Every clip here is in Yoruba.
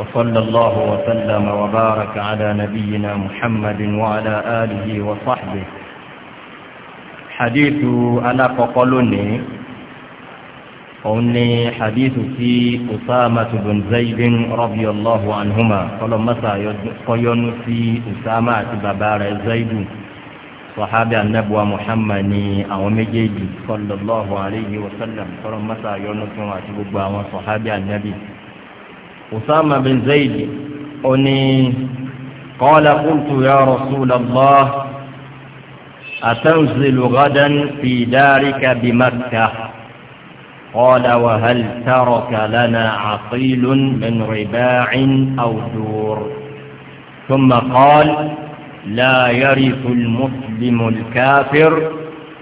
وصلى الله وسلم وبارك على نبينا محمد وعلى آله وصحبه حديث أنا قلني أني حديث في أسامة بن زيد رضي الله عنهما قال مسا يقين في أسامة ببار زيد صحابي النبوة محمد أو مجيجي صلى الله عليه وسلم قال مسا يونس وعتبوا صحابي النبي أسامة بن زيد أني قال قلت يا رسول الله أتنزل غدا في دارك بمكة قال وهل ترك لنا عقيل من رباع أو دور ثم قال لا يرث المسلم الكافر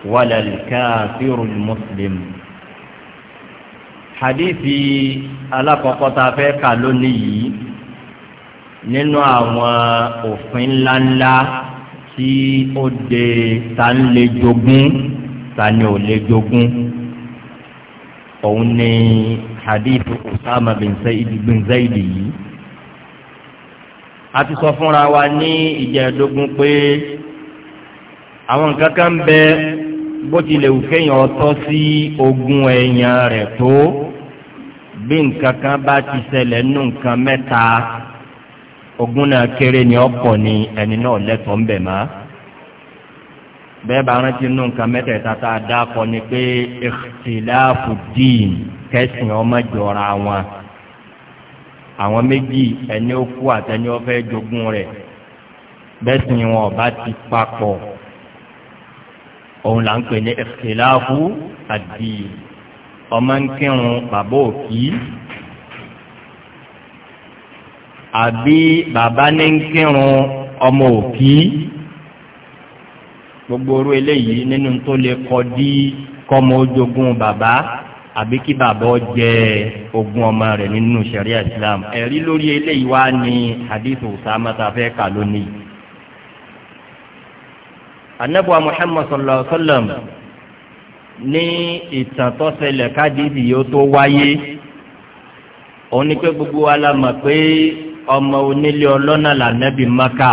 ولا الكافر المسلم حديثي alákọ̀ọ́kọ́ tá a fẹ́ kà lónìí yìí nínú àwọn òfin ńláńlá tí ó de ta ń lè jogún ta ni ò lè jogún òun ni hadith Usama bin Zaid bin Zaid yìí a ti sọ fúnra wa ní ìjẹ́ẹ̀dógún pé àwọn nǹkan kan bẹ bó tilẹ̀ wù kéèyàn ọtọ́ sí ogún ẹ̀yàn rẹ̀ tó bí nǹkan kan bá ti ṣẹlẹ̀ nù nǹkan mẹ́ta ogún náà kéré ni ọ̀pọ̀ ni ẹni náà lẹ́tọ̀ọ́ ń bẹ̀ mọ́ bẹ́ẹ̀ bá rántí nù nǹkan mẹ́tẹ̀ẹ̀ta tá a dákọ ni pé ìtìláàfù díìn kẹsìn ọmọ jọra wọn àwọn méjì ẹni ó àtẹni ó jogún rẹ̀ bẹ́ẹ̀ sì wọn ọba ti papọ̀ òun là ń pè ní ìtìláàfù àdìyìn ọmọ ń kírun bàbá òkì àbí bàbá ní ń kírun ọmọ òkì gbogbo orú eléyìí nínú tó lè kọ dí kọmọ ojogun bàbá àbí kí bàbá jẹ ogún ọmọ rẹ nínú sẹríà islam ẹrí lórí eléyìí wá ní hadith usama tá a fẹ́ kà lónìí anabuwa muhammad sallallahu alaihi wa sallam ní ìtàn tó ṣẹlẹ̀ kádìsì yóò tó wáyé òun ni pé gbogbo wa la mọ̀ pé ọmọ onílé ọlọ́nà lànàbì maka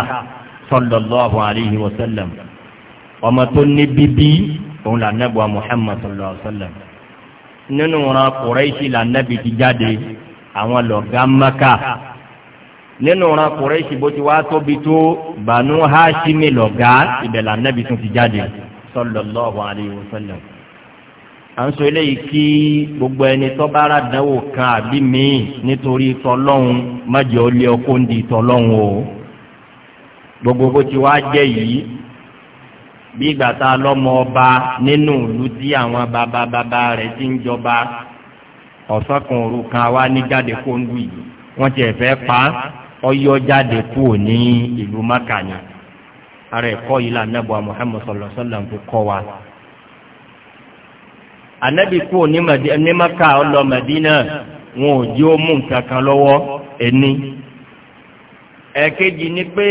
sallallahu alayhi wa sallam ọmọ tó ní bíbí òun lànàbì wa muhammad sallallahu alayhi wa sallam nínú ran kùrẹ́sì lànàbì ti jáde àwọn lọ̀gá maka nínú ran kùrẹ́sì bó ti wá tóbi tó bànú hashimi lọ̀gá ibẹ̀ lànàbì tún ti jáde sallallahu alayhi wa sallam à ń sọ eléyìí kí gbogbo ẹni tó bá rà dánwò kan àbí míì nítorí tọlọ́hún májọ lé ọkọ ń di tọlọ́hún o gbogbo bó ti wá jẹ́ yìí bí ìgbà tá a lọ́mọ ọba nínú ìlú tí àwọn bàbá bàbá rẹ̀ ti ń jọba ọ̀sán kan òru kan wá ní jáde kóńdù yìí wọ́n ti ẹ̀fẹ́ pa ọyọ jáde kúrò ní ìlú mákàní ara ẹ̀kọ́ yìí là nẹ́bọ̀ Muhammad sallallahu alaihi wasallam ń anabi kú ní maka ọlọ madina wọn ò jí ó mú nǹkan kan lọ́wọ́ ẹni ẹ̀kejì ni pé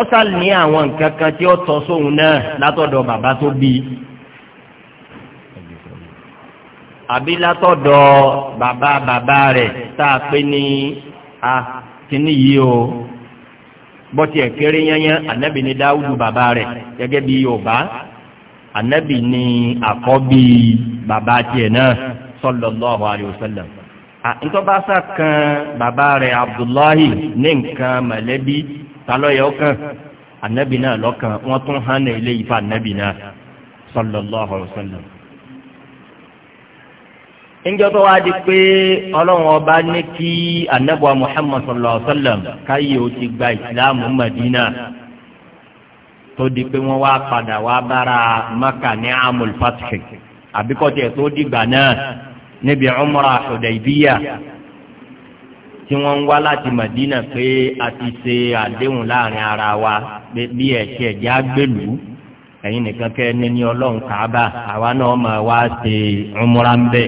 ọ́sà ní àwọn nǹkan kan tí ó tọ́ sóhun náà látọ̀dọ̀ bàbá tó bí àbí látọ̀dọ̀ bàbá bàbá rẹ̀ tá a pé ní a kíní yìí o bọ́tí ẹ̀kẹ́rẹ́ yányán ànábì ní dáúdù bàbá rẹ̀ gẹ́gẹ́ bí yorùbá anabi ni àkọ́bí bàbá tiẹ̀ náà sallallahu alayhi wa sallam ntọ́básá kan bàbá rẹ̀ abdullahi ní nǹkan mọ̀lẹ́bí talọ́yẹ̀ ọkàn anabi náà lọ́kàn wọ́n tún hàn ní ilé ìfà anabi náà sallallahu alayhi wa sallam njẹ́ tó wáá di pé ọlọ́run ọba ní kí anabuwa muhammad sallallahu alayhi wa káyé o ti gba ìsìlámù madina tó di pé wọ́n wá padà wá bára maka ní amul fatih àbíkọ́tẹ̀ tó dìgbà náà níbi umra Hudaybiya tí wọ́n ń wá láti Madina pé a ti ṣe àdéhùn láàrin ara wa bí ẹ̀ṣẹ̀ ẹ̀já gbèlú ẹ̀yin nìkan kẹ́ ní ní ọlọ́run kàába àwa náà máa wá ṣe umra ń bẹ̀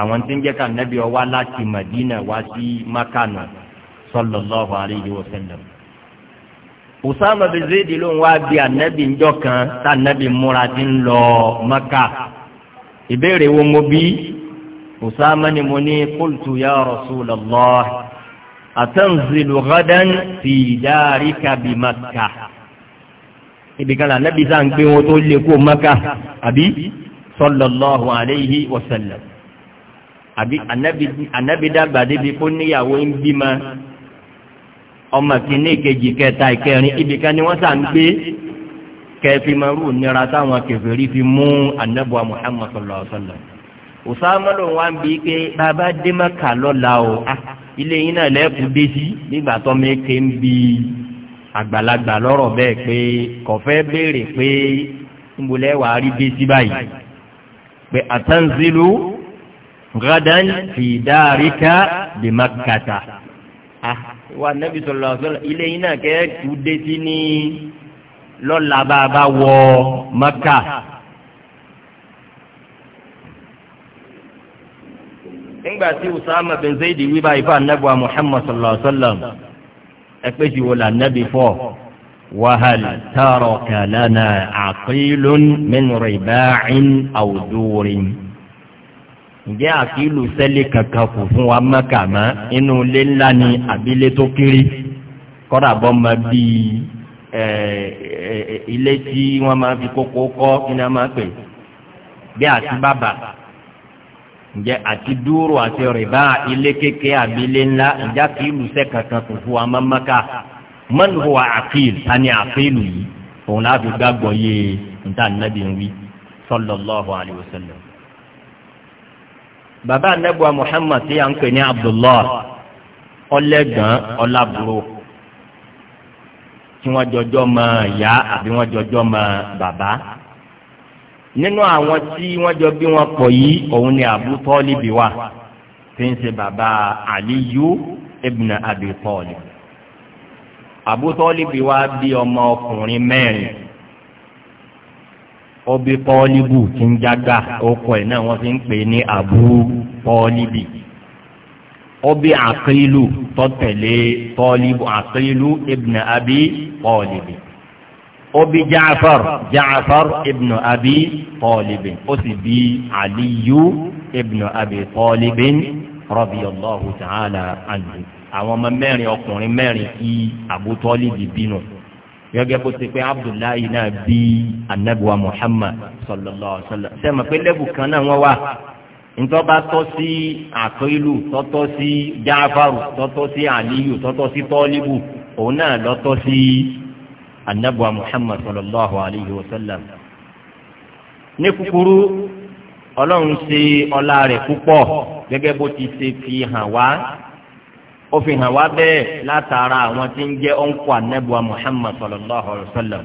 àwọn tí ń jẹ́ ká nẹ́bí ọ wá láti Madina wá sí Makana sallallahu alayhi wa sallam usama bin zaidi ló ń wá bí anabi ńjọ kan tá anabi múra ti ń lọ maka ìbéèrè wo mo bí usama ni mo ní qultu ya rasulallah atanzilu ghadan fi darika bi maka ibìkan la anabi sáà gbé wọn tó lè kó maka àbí sallallahu alayhi wa sallam àbí anabi dàgbà débi kó níyàwó ń bímọ ọmọ kìíní ìkejì kẹta ìkẹrin ibìkan ni wọ́n sà ń gbé kẹfì maru nira táwọn kẹfìrí fi mú anabuwa muhammad sallallahu alaihi wa sallam usama ló wá ń bi pé bàbá dèmàkà lọ́la o ah, ilé yín náà lẹ́kùn dé sí nígbà tó mẹ́kẹ́ ń bi àgbàlagbà lọ́rọ̀ bẹ́ẹ̀ pé kọ̀fẹ́ béèrè pé ńbọ̀lẹ́ wàá rí dé báyìí pé àtànzílù gadan fi dèmàkàtà wa nẹ́bí sọ̀rọ̀ àfẹ́lẹ̀ ilé yìí náà kẹ́ tù dé sí ní lọ́la bá a bá wọ maka. nígbà tí usama bin zaidi wí báyìí fún anabi wa muhammad sallallahu alaihi ẹ pé ti wọlé anabi fọ wàhálì tààrọ kàlánà àkìlún mẹnu rìbáàcín àwùjọ rìn ǹjẹ́ àkìlù sẹ́lẹ̀ kankan kò fún wa mẹ́ka mọ́ inú ilé ńlá ni àbílé tó kéré kọ́dà bọ́ ma bíi ilé tí wọ́n máa fi kókó kọ́ kí ni a máa pè bí àti bàbà ǹjẹ́ àti dúró àti rìbá ilé kékeré àbílé ńlá ǹjẹ́ àkìlù sẹ́ kankan kò fún wa mọ́ mẹ́ka mọ́nù wa àkìlù tani àkìlù yìí òun láti gbàgbọ́ yé ntànàbí ń wí sallallahu alaihi wasallam bàbá anábùwà Muhammad tí a ń pè ní Abdullah ọlẹ́gàn ọlábùrò tí wọ́n jọjọ́ mọ ìyá àbí wọ́n jọjọ́ mọ bàbá nínú àwọn tí wọ́n jọ bí wọ́n pọ̀ yìí òun ni Abu Talib wà tí ń ṣe bàbá Aliyu ibn Abi Talib Abu Talib wà bí ọmọ ọkùnrin mẹ́rin obi pọ́ọ́líbù tí ń jágà ọkọ̀ ẹ̀ náà wọ́n fi ń pè ní àbú pọ́ọ́líbì obi àkílù tọ́tẹ̀lé pọ́ọ́líbù àkílù ibn abi pọ́ọ́líbì obi jaafar jaafar ibn abi pọ́ọ́líbì ó sì bí aliyu ibn abi pọ́ọ́líbì radiyallahu ta'ala àwọn ọmọ mẹ́rin ọkùnrin mẹ́rin kí àbútọ́líbì bínú. No gẹ́gẹ́ bó ti pé abdullahi náà bí anabiwa muhammad sallallahu alaihi wa sallam sẹ́mi pé lẹ́bù kan náà wọ́n wà ntọ́ba tọ́ sí àkílù tọ́tọ́ sí jáfàrù tọ́tọ́ sí aliyu tọ́tọ́ sí tọ́líbù òun náà lọ́tọ́ sí anabiwa muhammad sallallahu alaihi wa sallam. ní kúkúrú ọlọ́run ṣe ọlá rẹ̀ púpọ̀ gẹ́gẹ́ bó ti ṣe fi hàn wá ó fi hàn wá bẹ́ẹ̀ látara àwọn tí ń jẹ́ ọ̀nkọ́ anẹ́bùa muhammad sallallahu alayhi wa sallam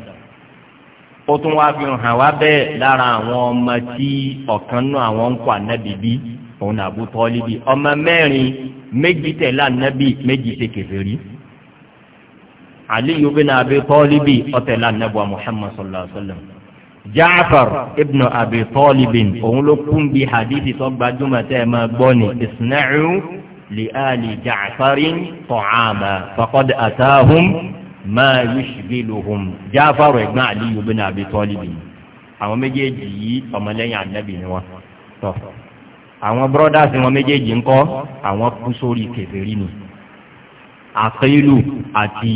ó tún wá fi hàn wá bẹ́ẹ̀ lára àwọn ọmọ tí ọ̀kan nú àwọn ọ̀nkọ́ anẹ́bì bí òun àbú tọ́líbi ọmọ mẹ́rin méjì tẹ̀lé anẹ́bì méjì ṣe kèfèrí aliyu bin abi tọ́líbi ọ̀tẹ̀lé anẹ́bùa muhammad sallallahu alayhi wa sallam jaafar ibnu abi tọ́líbi òun ló kún bí hadithi tó gbajúmọ̀ tẹ́ ẹ máa gbọ́ ni isna'u لآل جعفر طعاما فقد أتاهم ما يشغلهم جعفر ابن علي بن أبي طالب àwọn méjèèjì yìí ọmọlẹ́yìn ànábì ni wọn tọ àwọn brothers wọn méjèèjì ń kọ́ àwọn kú sórí kẹfẹ́rí ni àkílù àti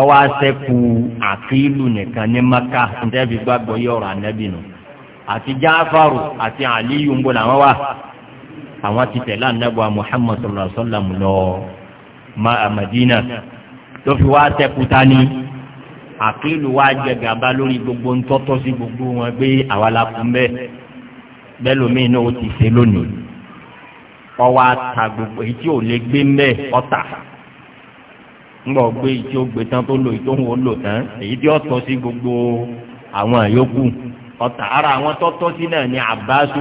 ọwọ́ àṣẹ́kù àkílù nìkan ní maka gbàgbọ́ yọ̀rọ̀ àti jáfàrù àti àlíyù ń bọ̀ làwọn wà àwọn ti tẹ̀lé ànábọ̀ Muhammad sallallahu alaihi wasallam lọ ma àmàdínà tó fi wá tẹkuta ní àkílù wá jẹ gàba lórí gbogbo ńtọ́tọ́ sí gbogbo wọn gbé àwa la kún bẹ́ẹ̀ bẹ́ẹ̀ lómi náà ó ti ṣe lónìí ọwọ́ ata gbogbo èyí tí ò lè gbé mbẹ́ ọ̀tà ńgbọ́ gbé èyí tí ó gbé tán tó lò èyí tó ń wò lò tán èyí tí ó tọ́ sí gbogbo àwọn àyókù ọ̀tà ara àwọn tọ́tọ́ sí náà ní abbasu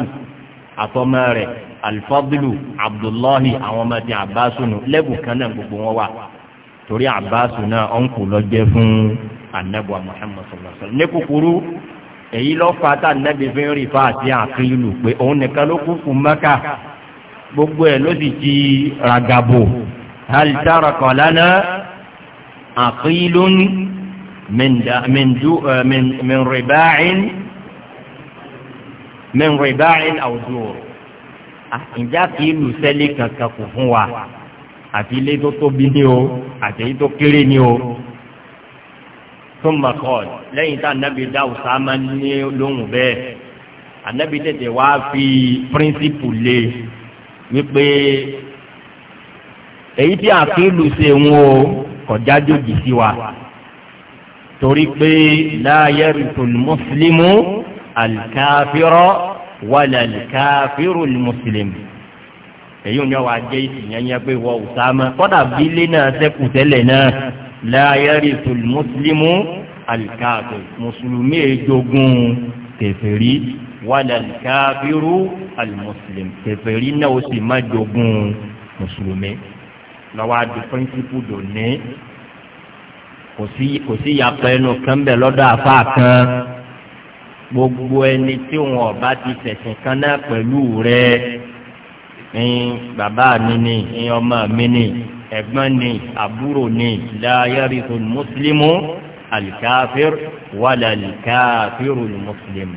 àtọmọ rẹ̀ alifadulu abdullahi àwọn ọmọ ti abbasu nù lẹ́bù kan náà gbogbo wọn wà torí abbasu náà ọ̀n kò lọ jẹ́ fún anabuwa muhammad sallallahu alaihi wa sallam ní kúkúrú èyí lọ́ fa tá anabi fi ń rí fa àti àkílù pé òun nìkan ló kú fún mẹ́ka gbogbo ẹ̀ ló sì ti ragabo hal taraka lana àkílù min eh, min riba'in aw dur ah, ǹjẹ́ àti ìlú sẹ́lẹ̀ kankan kò fún wa àti ilé tó tóbi ni o àti èyí tó kéré ni o thumma qala lẹ́yìn tá ànábì dá Usama ní lóhùn bẹ́ẹ̀ ànábì tètè wá fi píríncípù lé wípé èyí tí àti ìlú ṣe ń wo kọjá jòjì sí wa torí pé la yarithul muslimu alikafirọ wàlẹ̀ alikafiru mùsùlùmí èyí ni wàá jẹ́ ìsìnyẹ́nyẹ́ pé wọ́n Usama kọ́dà bílé náà sẹ́kù tẹ́lẹ̀ náà láyẹ̀rì mùsùlùmí alikafir mùsùlùmí èjogun kẹfẹ́rí wàlẹ̀ alikafiru alimusulmi kẹfẹ́rí náà ó sì má jogun mùsùlùmí lọ́wọ́ adi píríncípù dòní kò sí yàtọ̀ ẹnu kan lọ́dọ̀ àfa kan gbogbo ẹni tí wọn ọba ti ṣẹ̀sìn kan náà pẹ̀lú rẹ ní bàbá mi ni ní ọmọ mi ni ẹ̀gbọ́n ni àbúrò ni láyárí tó mùsùlùmù alikafir wàlà alikafiru mùsùlùmù.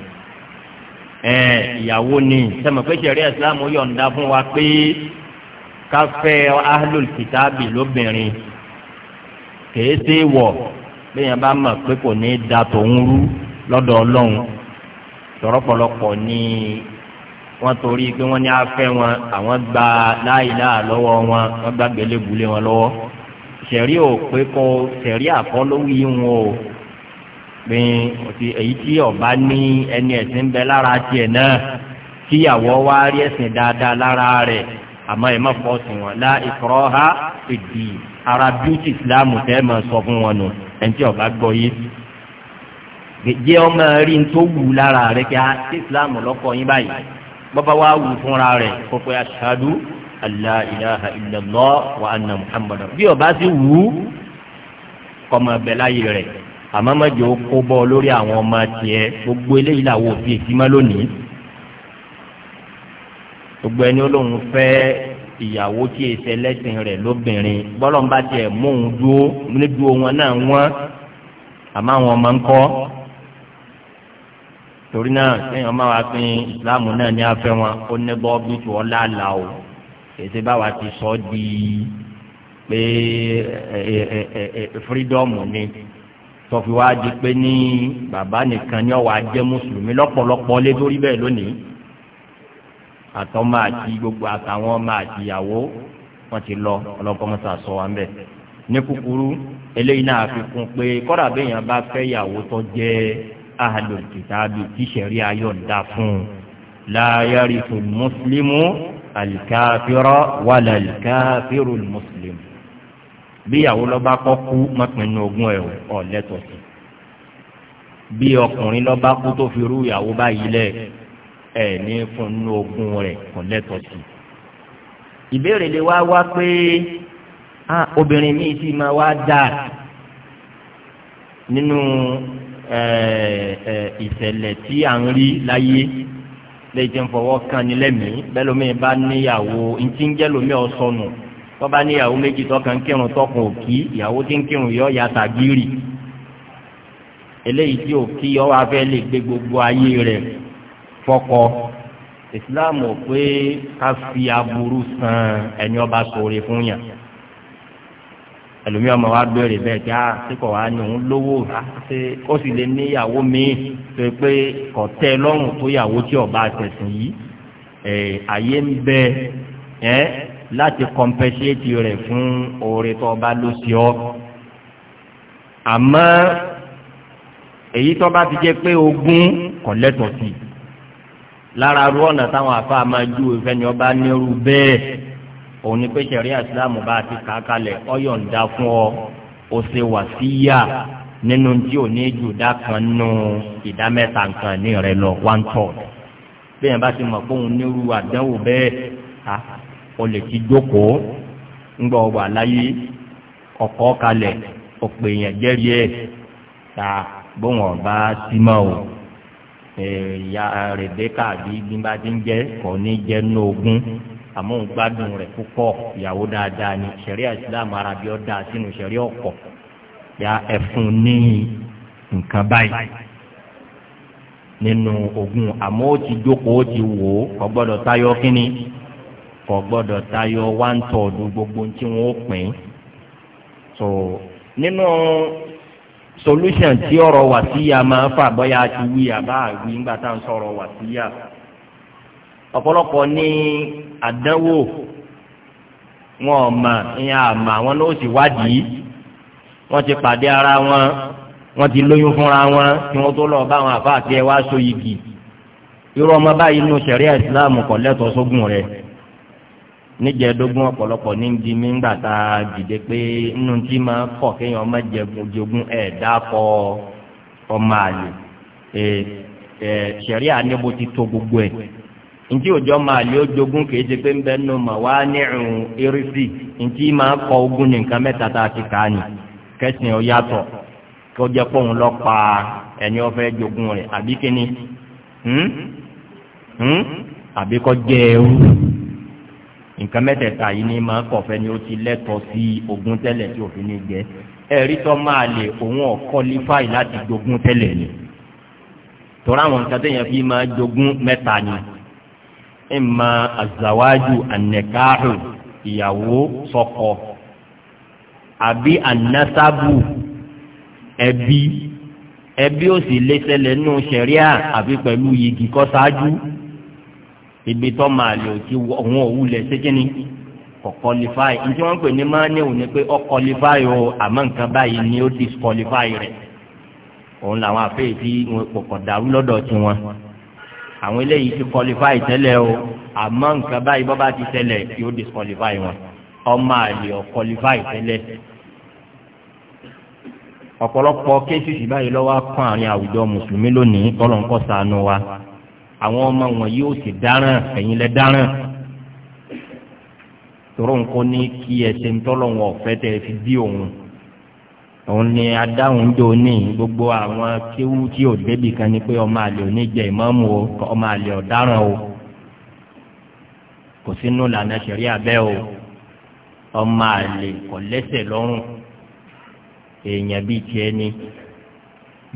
ẹ ìyàwó ni sẹ́mi pé sẹ̀rí ẹ̀sìlámù yọ̀ǹda fún wa pé káfẹ́ ahlul kìtàbì lóbìnrin kèé sí wọ̀ bẹ́ẹ̀ yẹn bá mọ̀ pé kò ní da tòun rú lọ́dọ̀ ọlọ́run tọ̀rọ̀pọ̀lọpọ̀ ni wọ́n torí pé wọ́n ní afẹ́ wọn àwọn gba láìlá lọ́wọ́ wọn wọ́n gba gbélébùlé wọn lọ́wọ́ sẹ̀rí ò pé kó sẹ̀rí àkọ́lówí wọn o pé èyí tí ọba ní ẹni ẹ̀sìn bẹ lára tiẹ̀ náà kíyàwó wá rí ẹ̀sìn dáadáa lára rẹ̀ àmọ́ ẹ̀ má fọ́ sí wọn lá ìkọ́rọ́ ha fìdí ara bíútì islam tẹ́ ẹ máa sọ fún wọn nù ẹni tí ọba gbọ́ yìí jẹ́ ọmọ rí n tó wù lára rẹ̀ kí a ti islam lọ́kọ̀ yín báyìí bàbá wa wù fúnra rẹ̀ kó pé aṣáájú allah ilaha illallah wa anna muhammadu bí ọba sì wù ú kọ́mọ bẹ̀ láyé rẹ̀ àmọ́ mọ́jọ kó bọ́ lórí àwọn ọmọ tiẹ̀ gbogbo eléyìí làwọn òbí ìsímọ́ lónìí gbogbo ẹni olóhùn fẹ́ ìyàwó tí èsè lẹ́sìn rẹ̀ lóbìnrin bọ́lọ́mbà tiẹ̀ mú òun dúó nídùú wọn náà wọ́n àmọ́ àwọn ọmọ ńkọ́ torí náà kéèyàn máa wá pín ìsìláàmù náà ní afẹ́ wọn ó ní bọ́ọ̀bù tí wọ́n láàlà o èsì báwa ti sọ ọ́ di pé fírídọ́ọ̀mù ni tọ́fi wá di pé ní bàbá nìkan ni ọ̀wá jẹ́ mùsùlùmí lọ́pọ̀lọpọ̀ lé lórí bẹ́ẹ̀ lónìí àtọ́mọ àti gbogbo àtàwọn ọmọ àti ìyàwó wọn ti lọ ọlọ́kọ́mọ́sá sọ wa ń bẹ̀ ní kúkúrú eléyìí náà fi kún pé kọ́dà béèyàn bá fẹ́ ìyàwó ahlul kitabi tí sẹ̀rí ayọ̀ǹda fún un láyàrí fún mùsùlùmù alikafirọ wàlẹ̀ alikafiru mùsùlùmù bíyàwó lọ́ba kọ́ kú mọ́pinnu ogún ẹ̀ ọ̀ lẹ́tọ̀ọ́ sí bí ọkùnrin lọ́ba kú tó fi rú ìyàwó báyìí lẹ̀ ẹ̀ ní fún inú ogún rẹ̀ kọ́ lẹ́tọ̀ọ́ sí ìbéèrè lè wá wá pé ah, obìnrin míì sì máa wá dáa nínú ìṣẹ̀lẹ̀ tí à ń rí láyé lè jẹun fọwọ́ kan ní lẹ́mìí bẹ́ẹ̀ lómi bá níyàwó ntí ń jẹ́ lómi ọ̀sọ̀nù tó bá níyàwó méjì tọkàn kírun tọkàn òkì ìyàwó tí ń kírun yọ ya tàgírì eléyìí tí òkì yọ wá fẹ́ lè gbé gbogbo ayé rẹ̀ fọkọ ìsìláàmù pé ká fi aburú san ẹni ọba sọ̀rọ̀ fún yàn ẹlòmí ọmọ wa béèrè bẹ́ẹ̀ kí á sípò wa ní òun lówó àti ó sì lè ní ìyàwó míì tó pé kò tẹ́ lọ́rùn tó yàwó tí ọba tẹ̀sìn yìí àyè ń bẹ ẹ láti kọ́mpẹ́ṣẹ́tì rẹ̀ fún oore tó ọba ló ṣe ọ́ àmọ́ èyí tó bá ti jẹ́ pé ogún kò lẹ́tọ̀ọ́ lára ru ọ̀nà táwọn afáàmájú ìfẹ́ni ọba nírú bẹ́ẹ̀ òun ni pé sẹ̀rí islam bá ti kà á kalẹ̀ ọ̀yọ̀ǹda fún ọ o ṣe wàsíyà nínú tí ò ní jù dá kan nù ìdá mẹ́ta nǹkan ní rẹ lọ one third bẹ́ẹ̀ bá ti mọ̀ pé òun nírú àdánwò bẹ́ẹ̀ ta o lè ti jókòó ńgbọ́ wà láyé ọkọ̀ kalẹ̀ òpè yẹn jẹ́rìí ẹ̀ ta bóun ọba símọ́ o ìyá rèbékà bí bí bá ti ń jẹ́ kò ní jẹ́ ní ogún àmọ́ òun gbádùn rẹ̀ púpọ̀ ìyàwó dáadáa ni ṣẹ̀ríà ìsìláàmù arabi ọ̀dà sínú ṣẹ̀ríà ọ̀kọ̀ ya ẹ̀fun ní nǹkan báyìí nínú ogun àmọ́ ó ti jókòó ó ti wò ó kò gbọ́dọ̀ tayọ kínní kò gbọ́dọ̀ tayọ wáńtọ̀ọ̀dù gbogbo tí wọ́n ó pín so nínú solution tí ọ̀rọ̀ wàsíyà máa fà bọ́yá ti wí àbá àgbì ńgbà tá à ń sọ̀rọ̀ wàsíyà ọ̀pọ̀lọpọ̀ ní àdánwò wọn ò mà ìyẹn àmà wọn ló sì wádìí wọn ti pàdé ara wọn wọn ti lóyún fúnra wọn kí wọn tó lọ bá àwọn àfa àti ẹwà so igi irú ọmọ báyìí nù sẹ̀ríà ìsìláàmù kò lẹ́tọ̀ọ́ sógun rẹ̀ níjẹ̀ẹ́dógún ọ̀pọ̀lọpọ̀ ní di tá a dìde pé nínú tí máa kọ̀ kéèyàn ọmọ jogún ẹ̀ dákọ̀ ọmọ àlè ẹ̀ ẹ̀ níbo ti tó gbogbo ẹ̀ ntí òjò máa lé ojogun kìí ṣe pé ń bẹ nù mà wá ní ìrùn irisí ntí máa kọ ogun ní nǹkan mẹ́ta tá a ti kà á nì kẹsìn ọ yàtọ̀ kó jẹ́ pé òun lọ pa ẹni ọ̀fẹ́ jogun rẹ̀ àbí kíni hmm? Hmm? àbí kọ́ jẹ́ ẹrú nǹkan mẹ́tẹ̀ẹ̀ta yìí ni máa kọ̀ fẹ́ ni ó ti lẹ́tọ̀ọ́ sí ogun tẹ́lẹ̀ tí òfin ní jẹ́ ẹ̀rí tó máa lè òun ọ̀kọ́lífàì láti jogun tẹ́lẹ̀ ni tọ́ra àwọn nǹkan tẹ̀yẹ̀ fi máa jogun mẹ́ta ni ìmọ̀ àzàwájú ànẹ̀káàrù ìyàwó sọ́kọ àbí ànásábù ẹbí ẹbí ó sì lè ṣẹlẹ̀ nù sẹ̀ríà àbí pẹ̀lú yìgì kọ́ ṣáájú ibi tó máa lè ti wọn òwú lẹ̀ ṣé kí ni kò qualify ntí wọ́n ń pè ní mánìí òní pé ó o àmọ́ nǹkan báyìí ni ó disqualify rẹ̀ òun làwọn àfẹ́yìí tí wọn kò kọ̀ dàrú lọ́dọ̀ tiwọn àwọn eléyìí ti qualify tẹ́lẹ̀ o àmọ́ nǹkan báyìí bọ́ bá ti tẹ́lẹ̀ yóò disqualify wọn ọmọ àlè ọ̀ qualify tẹ́lẹ̀ ọ̀pọ̀lọpọ̀ kéésìsì báyìí lọ́wọ́ kan àárín àwùjọ mùsùlùmí lónìí kọ́lọ̀ ń kọ́ sànù wa àwọn ọmọ wọn yóò sì dáràn ẹ̀yin lẹ dáràn tòró ní kí ẹsẹ̀ ń tọ́lọ̀ ọ̀fẹ́ tẹ́ fi bí òun òun ni adáhùn ń dòní gbogbo àwọn kéwú tí ò débì kan ni pé ọmọ àlè òní jẹ ìmáàmù o ọmọ àlè ọ̀daràn o kò sínú lànà ṣẹ̀rí abẹ́ o ọmọ àlè kò lẹ́sẹ̀ lọ́rùn èèyàn bíi tiẹ̀ ni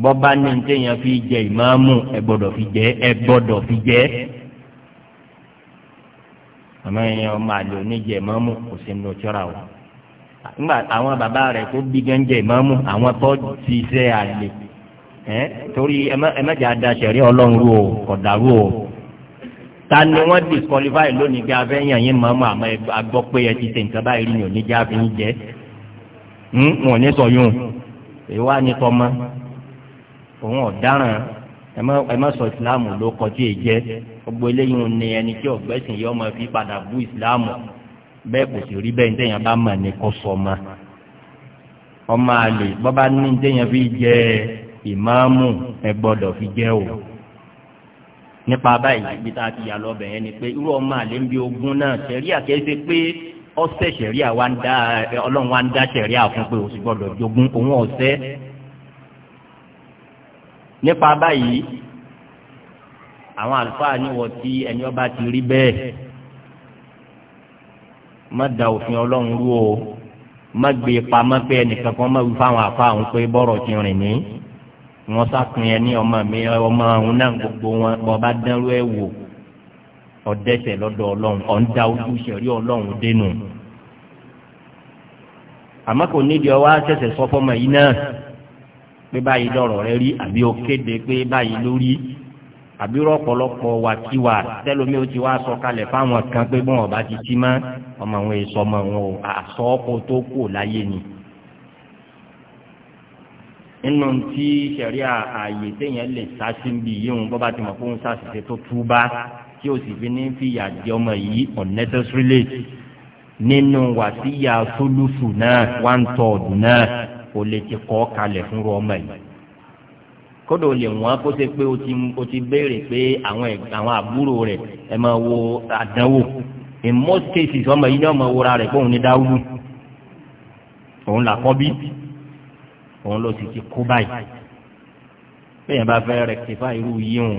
bọ́ba ní téèyàn fi jẹ ìmáàmù ẹ gbọ́dọ̀ fi jẹ ẹ gbọ́dọ̀ fi jẹ àmọ́ ẹ̀yàn ọmọ àlè òní jẹ ìmáàmù kò sínú tíra o nígbà àwọn bàbá rẹ̀ tó bí gẹ́ńjẹ́ ìmọ̀ọ́mù àwọn tó ti ṣe àlè ẹ́ torí ẹ̀mẹ́jà da ṣẹ̀rí ọlọ́run rú o kọ̀dàrú o ta ni wọ́n disqualify lónìí pé afẹ́yàn yín mọ̀ọ́mù àmọ́ agbọ́ pé ẹ ti ṣe nǹkan báyìí ní oníjà fi ń jẹ́ wọn ò ní sọ yún ìwà ni tọmọ òun ọ̀daràn ẹ má sọ ìsìláàmù ló kọjú èjẹ gbogbo eléyìí ni ẹni tí ọ̀gbẹ́sìn yọ ọmọ fi padà bú ìsìláàmù bẹ́ẹ̀ kò sì rí bẹ́ẹ̀ ní tẹ̀yìn bá mọ̀ ní kó sọ ma ọmọ àlè bọ́bá ní tẹ̀yìn fi jẹ ìmáàmù ẹ gbọ́dọ̀ fi jẹ́ o nípa báyìí ibi tá a ti yà lọ́bẹ̀ yẹn ni pé irú ọmọ àlè ń bi ogun náà sẹ̀ríà kẹ́sẹ̀ pé ọ̀sẹ̀ sẹ̀ríà wa ń dá ọlọ́run wa ń dá sẹ̀ríà fún pé o sì gbọ́dọ̀ jogún òun ọ̀sẹ̀ nípa báyìí àwọn àlùfáà níwọ̀ tí ẹni ọba ti rí bẹ́ẹ̀ má da òfin ọlọ́run rú o má gbé e pamọ́ pé ẹnìkan kan má wí fáwọn àfa àwọn pé bọ́rọ̀ ti rìn ní wọn sákùn yẹn ní ọmọ mi ọmọ àwọn náà gbogbo wọn bọba dánrú ẹ wò ọdẹsẹ lọ́dọ̀ ọlọ́run ọ̀ǹda ojú sẹ̀rí ọlọ́run dénú àmọ́ kò nídìí ọwọ́ àṣẹ̀ṣẹ̀ sọ fọmọ yìí náà pé báyìí lọ́rọ̀ rẹ rí àbí ó kéde pé báyìí ló rí àbírọ̀ ọ̀pọ̀lọpọ̀ wà tiwa tẹ́lómi ó ti wá sọ kalẹ̀ fáwọn kan pé bọ́n ọba ti ti mọ́ ọmọ àwọn èso ọmọ àwọn ò àsọ́ọ̀pọ̀ tó kù láyé ni. nínú tí sẹ̀rí ààyè téèyàn lè sá sí ń bi yíyún bọ́ba ti mọ̀ pé òun sàṣìṣe tó túbá tí ó sì fi ní fìyà jẹ ọmọ yìí unnecessarily nínú wàsíyà sólùfù náà one third náà kò lè ti kọ́ kalẹ̀ fúnra ọmọ yìí kódò lè wọ́n kó ṣe pé o ti béèrè pé àwọn àwọn àbúrò rẹ̀ ẹ máa wo àdánwò in most cases ọmọ yìí ni ọmọ wura rẹ̀ pé òun ní dáwúlù òun là kọ́ bí òun ló sì ti kó báyìí bẹ́ẹ̀ bá fẹ́ rectify irú yìí hùn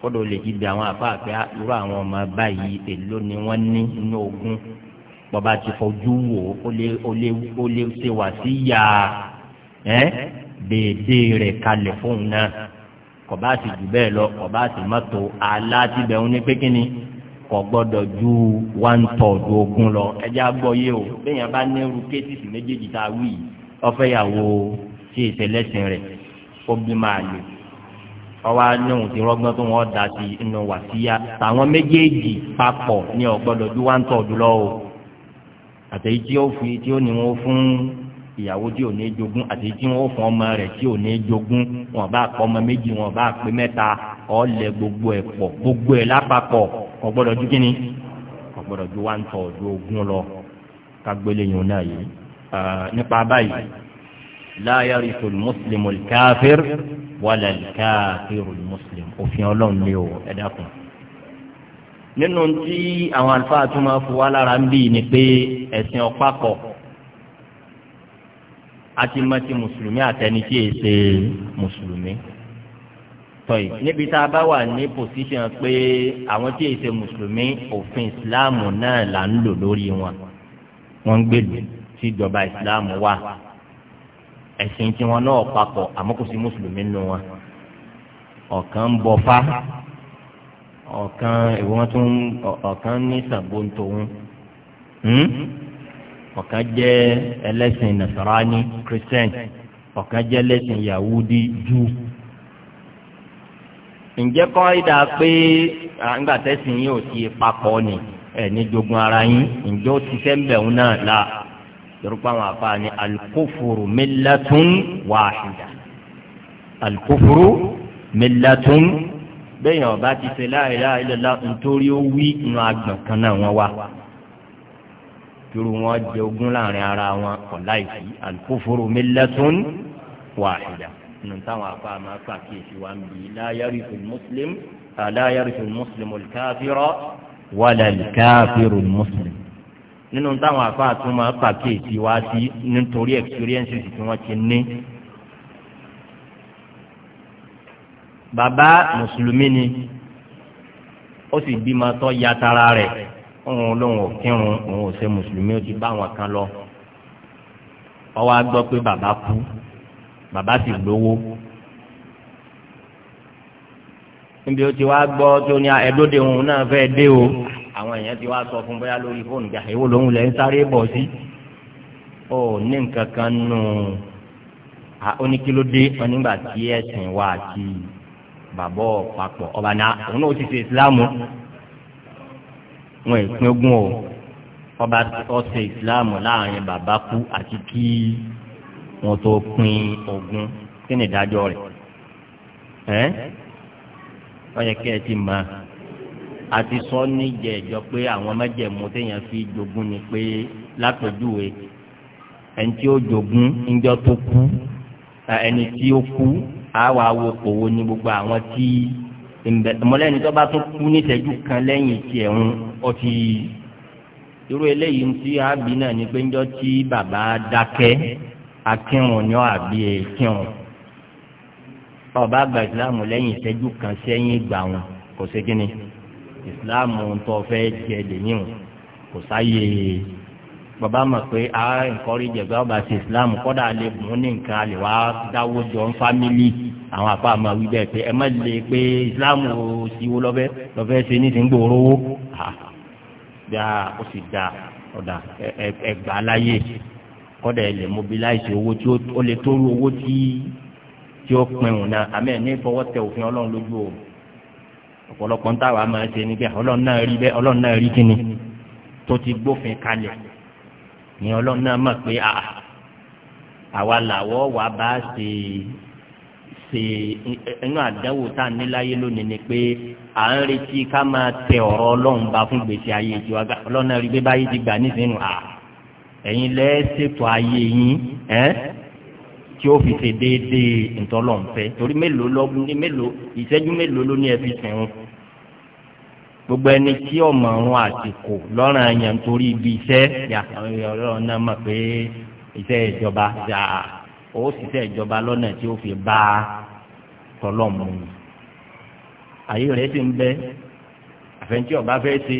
kódò lè ti bẹ àwọn àfáàfẹ́ irú àwọn ọmọ báyìí èló ni wọ́n ní inú ogun bọ́ba ti fojú wò ó lé ó lé ó lé ṣe wà sí yàá ẹ́ déédé rẹ̀ kalẹ̀ fóun náà kọba sì jù bẹ́ẹ̀ lọ kọba sì mọ́tò alátìbẹ̀ ń ní pé kí ni kò gbọ́dọ̀ ju one third ogún lọ ẹjẹ́ agbọ́yé o bẹ́ẹ̀yàn bá ní irú kéésìsì méjèèjì tá a wí ọ̀fẹ́yàwó tí ìṣẹ̀lẹ̀sìn rẹ̀ ó bí máa lò ọwọ́ aníhùn ti rọ́gbọ́n tó wọ́n dà sí inú wàsíyá tàwọn méjèèjì papọ̀ ní ọ̀gbọ́dọ̀ ju one third lọ o àtẹ̀yí tí ó fi tí ó ní wọn fún ìyàwó tí ò ní jogún àti tí wọn fún ọmọ rẹ̀ tí ò ní jogún wọn bá pọ ọmọ méjì wọn bá pé mẹ́ta ọlẹ gbogbo ẹ̀ pọ̀ gbogbo ẹ̀ lápapọ̀ kò gbọ́dọ̀ ju kíni kò gbọ́dọ̀ ju wá ń tọ ọdún ogún lọ kágbélé yìí náà yìí nípa báyìí la yarithu mùsùlùmù káfíìr wàlà káfíìr mùsùlùmù òfin ọlọ́run lé o ẹ dákun nínú tí àwọn àlùfáà tún máa fọwọ́ lára ń bì ní pé ẹ̀sìn ọ̀pá kọ̀ àti mọ ti mùsùlùmí àtẹni tí èyí ṣe mùsùlùmí tọ́yì níbi tá a bá wà ní pòsíṣàn pé àwọn tí èyí ṣe mùsùlùmí òfin ìsìláàmù náà là ń lò lórí wọn wọ́n ń gbèlú tí ìjọba ìsìláàmù wà ẹ̀sìn tí wọn náà papọ̀ àmọ́ kò sí mùsùlùmí nù wọn ọ̀kan ń bọfá ọ̀kan ìwọ́n tún ọ̀kan ní sàgbóntòun ọ̀kan jẹ́ ẹlẹ́sìn nasarani christian ọ̀kan jẹ́ ẹlẹ́sìn yahudi jù. ǹjẹ́ kọ́ ìdá pé àǹgbà tẹ̀sìn yìí ò ti papọ̀ ni ẹ̀ ní jogun ara yín ǹjẹ́ ó ti sẹ́ńbẹ̀hún náà la yorùbá wọn àfa ni alikófòrò millatun wàhídà alikófòrò millatun bẹ́ẹ̀ yẹn ọba ti ṣe la ilaha illallah nítorí ó wí inú agbọ̀n kan náà wọ́n wá irú wọn jẹ ogún láàrin ara wọn ọ̀la ìsí al-kufru millatun wahida nínú táwọn afa máa fà kíyèsí wa ń bi la yarithu al-muslim la yarithu al-muslimu al-kafira wala al-kafiru al-muslim nínú táwọn afa tún máa fà wa sí nítorí experiences tí wọ́n ti ní. bàbá mùsùlùmí ni ó sì bímọ tó yàtara rẹ̀ òun lòun ò kírun òun ò ṣe mùsùlùmí ó ti bá wọn kan lọ ó wá gbọ́ pé bàbá kú bàbá sì lówó níbi ó ti wá gbọ́ tó ní ẹ̀dóde òun náà fẹ́ dé o àwọn èèyàn ti wá sọ fún bóyá lórí fóònù gbà èwo lòun lẹ́ ń sáré bọ̀ sí ó ní nǹkan kan nù oníkílódé onígbà tí ẹ̀sìn wa àti bàbá ọ̀pápọ̀ ọba náà òun náà ó ti ṣe ìsìlámù wọn ìpín ogún o ọba ọsẹ islam láàrin bàbá kú àti kí wọn tó pín ogún kí ni ìdájọ́ rẹ̀ ẹ ọyẹ kí ẹ ti mọ̀ àti sọ níjẹ̀ẹ́jọ́ pé àwọn mẹ́jẹ̀mú téèyàn fi jogún ni pé látọjúwe ẹni tí ó jogún ńjọ́ tó kú ẹni tí ó kú àwa wo kòwò ní gbogbo àwọn tí mọlẹ́ni tó bá tún kú níṣẹ́jú kan lẹ́yìn tiẹ̀ ń ọtí irú eléyìí tí àbí náà ni pé ńjọ́ tí bàbá dákẹ́ akírun ni ọ àbí ẹ e kírun ọba àgbà ìsìláàmù lẹ́yìn ìṣẹ́jú kan sẹ́yìn ìgbà wọn kò sí kínní ìsìláàmù tó fẹ́ jẹ lèyìn kò sáyé bàbá mọ̀ pé a nkọ́rí jẹ̀gbẹ́ ọba sí ìsìláàmù kọ́dà lè gùn ní nǹkan lè wá dáwó jọ ń fámílì àwọn àpá àmọ́ wí bẹ́ẹ̀ pé ẹ má lè pé ìsìláàmù ò sí wo lọ́fẹ́ lọ́fẹ́ ṣe ní ti ń gbòòrò owó dáa ó sì dáa ọ̀dà ẹgbà láyè kọ́dà ẹ lè mobilize owó tí ó lè tóru owó tí tí ó pinnu náà àmì ẹ̀ ní fọwọ́ tẹ òfin ọlọ́run lójú o ọ̀pọ̀lọpọ̀ ń táwa máa ṣe níbẹ̀ ọlọ́run náà rí bẹ́ẹ̀ ọlọ́run náà rí kíni tó ti gbófin kalẹ̀ ní ọlọ́run náà mọ̀ pé ah, àwa làwọ̀ wà bá ṣe se inú àdáwò tá a ní láyé lónìí ni pé à ń retí ká máa tẹ ọ̀rọ̀ ọlọ́run bá fún gbèsè ayé ìjọba ọlọ́run rí bí báyìí ti gbà nísìnyí nù à ẹ̀yin lẹ́ ṣètò ayé yín ẹ́ tí ó fi ṣe déédéé ntọ́lọ́nfẹ́ torí mélòó lọ́gbọ́n ní mélòó ìṣẹ́jú mélòó ló ní ẹ fi sìn gbogbo ẹni tí ọmọ ọrùn àsìkò lọ́rùn àyàn torí ibi iṣẹ́ yàtọ̀ ọlọ́run náà mọ̀ pé iṣẹ́ ìjọba yàrá ó ṣiṣẹ́ ìjọba lọ́nà tí ó fi bá tọlọ́mù ayé rẹ̀ ti ń bẹ àfẹnjẹ ọba fẹ́ ṣe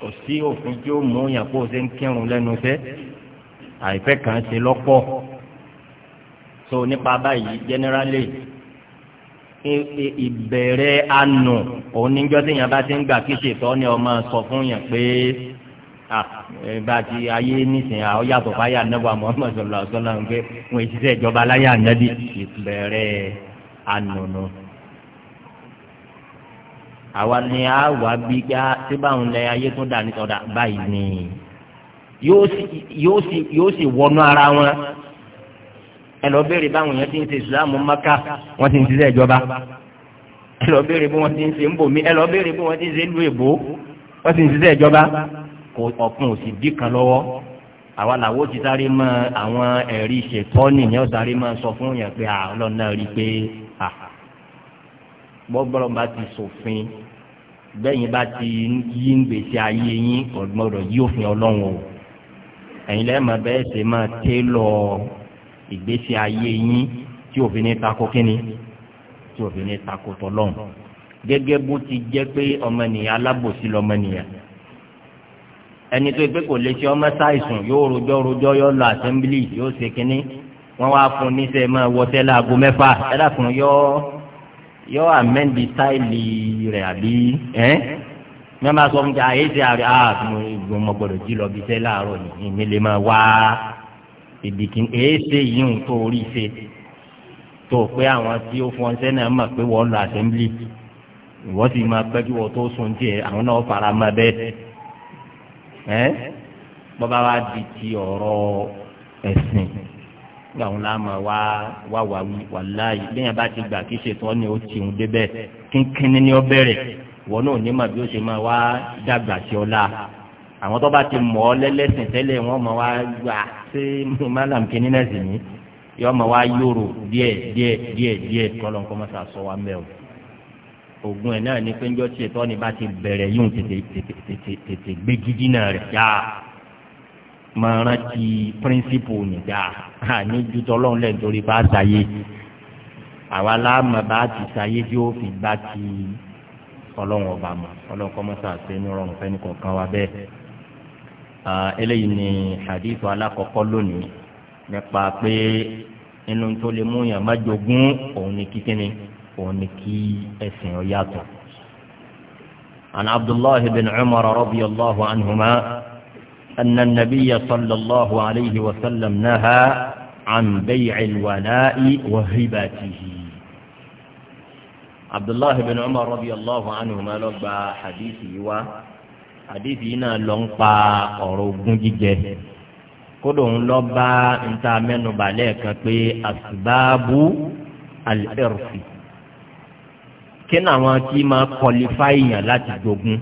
kò sí òfin tí ó mú yàn kó o ṣe ń kírun lẹ́nu iṣẹ́ àìfẹ́ kan ṣe lọ́pọ̀ so nípa báyìí generally ìbẹ̀rẹ̀ àánú òun níjọ́ tí yàn bá ti ń gbà kí ṣètọ́ ni ọmọ sọ fún yàn pé. Ah, bá a ti ayé nísìnyí àwọn yàtọ̀ fáyà nẹ́bà Muhammad sallallahu alaihi wasallam pé wọ́n ti sẹ́ ìjọba láyé ànábì ìbẹ̀rẹ̀ ànùnù. àwa ni a wà bí ká tí báwọn lẹ ayé tó dà nítorí báyìí ni yóò sì yóò sì yóò sì wọnú ara wọn ẹ lọ béèrè báwọn yẹn ti ń ṣe ìsìlámù Mẹ́kà wọ́n ti ń ṣiṣẹ́ ìjọba ẹ lọ béèrè bí wọ́n ti ń ṣe ń bòmí ẹ lọ béèrè bí wọ́n ti ń ṣe ń lu èbó wọ́n ti ń ṣiṣẹ́ ìjọba ọ̀kan òsì dí kan lọ́wọ́ àwa làwọn ti sáré mọ àwọn ẹ̀rí ìṣètọ́ nìyẹn sáré mọ sọ fún yẹn pé ọlọ́nà rí i pé gbọ́gbọ́n bá ti sòfin bẹ́yìn bá ti yí ń gbèsè ayé yín ọ̀gbọ́dọ̀ yí òfin ọlọ́run o ẹ̀yin lẹ́yìn máa bẹ́ẹ̀ ṣe máa ké lọ ìgbésí ayé yín tí òfin ní takò kínní tí òfin ní takò tọ́lọ́run gẹ́gẹ́ bó ti jẹ́ pé ọmọnìyàn alábòsí lọ́mọnìyàn ẹni tó pé kò lè ṣe ọmọ ṣàìsùn yóò rojọ́ rojọ́ yóò lọ assembly yóò ṣe kínní wọ́n wá fún níṣẹ́ máa wọṣẹ́ láago mẹ́fà ẹ dàkún yọ yọ amẹ́ndì táìlì rẹ̀ àbí ẹ́ mẹ́ máa sọ fún mi àyè ṣe àrẹ ààfin ìgbọ̀nmọ̀ gbọ́dọ̀ jí lọ bí iṣẹ́ láàárọ̀ ni èmi lè máa wá ìdìkín èé ṣe yìí ń tó orí ṣe tó pé àwọn tí ó fún ọṣẹ náà mọ̀ pé wọ́n lọ assembly ìwọ́n sì máa pẹ́ kí wọ́n tó sun tiẹ̀ àwọn náà fara mọ́ bẹ́ẹ̀ ẹ́ bọ́ba wa di ti ọ̀rọ̀ ẹ̀sìn nígbà wọn la máa wá wá wà wí wà láàyè bẹ́ẹ̀ bá ti gbà kí ṣètò ni ó ti ń débẹ̀ kínkínní ni ó bẹ̀rẹ̀ wọn náà ní mà bí ó ṣe máa wá dàgbà sí ọ la àwọn tó bá ti mọ̀ ọ́ lẹ́lẹ́sìn tẹ́lẹ̀ wọ́n máa wá gbà ṣé mọ́làm kínní náà sì ní yọ́ máa wá yòrò díẹ̀ díẹ̀ díẹ̀ díẹ̀ kọ́lọ́nkọ́ mọ́ta sọ wa mẹ́ oògùn ẹ̀ náà ni pé njọ́ tí ètò ọ̀nìbá ti bẹ̀rẹ̀ yóò tètè gbé gidi náà rẹ̀ já máa rántí píríncípù nìjà ní ju tọ́lọ́run lẹ́yìn torí bá ṣayé àwa láàmà bá ti ṣayé tí ó fi bá ti ọlọ́run ọba mọ̀ ọlọ́run kọ́ ṣe ní ọrọ̀rùn fẹ́ni kọ̀ọ̀kan wa bẹ́ẹ̀. eléyìí ni hadith alákọ̀ọ́kọ́ lónìí nípa pé inú tó lè mú yàn má jogún òun ni kíkíni. òun ni kí عن عبد الله بن عمر رضي الله عنهما أن النبي صلى الله عليه وسلم نهى عن بيع الولاء وهباته عبد الله بن عمر رضي الله عنهما لبى حديثي و حديثي هنا لونقا أروبن جيجه كلهم لبى انت منو níta في أسباب الإرث kí ni àwọn tí máa kọlifá èèyàn láti dogun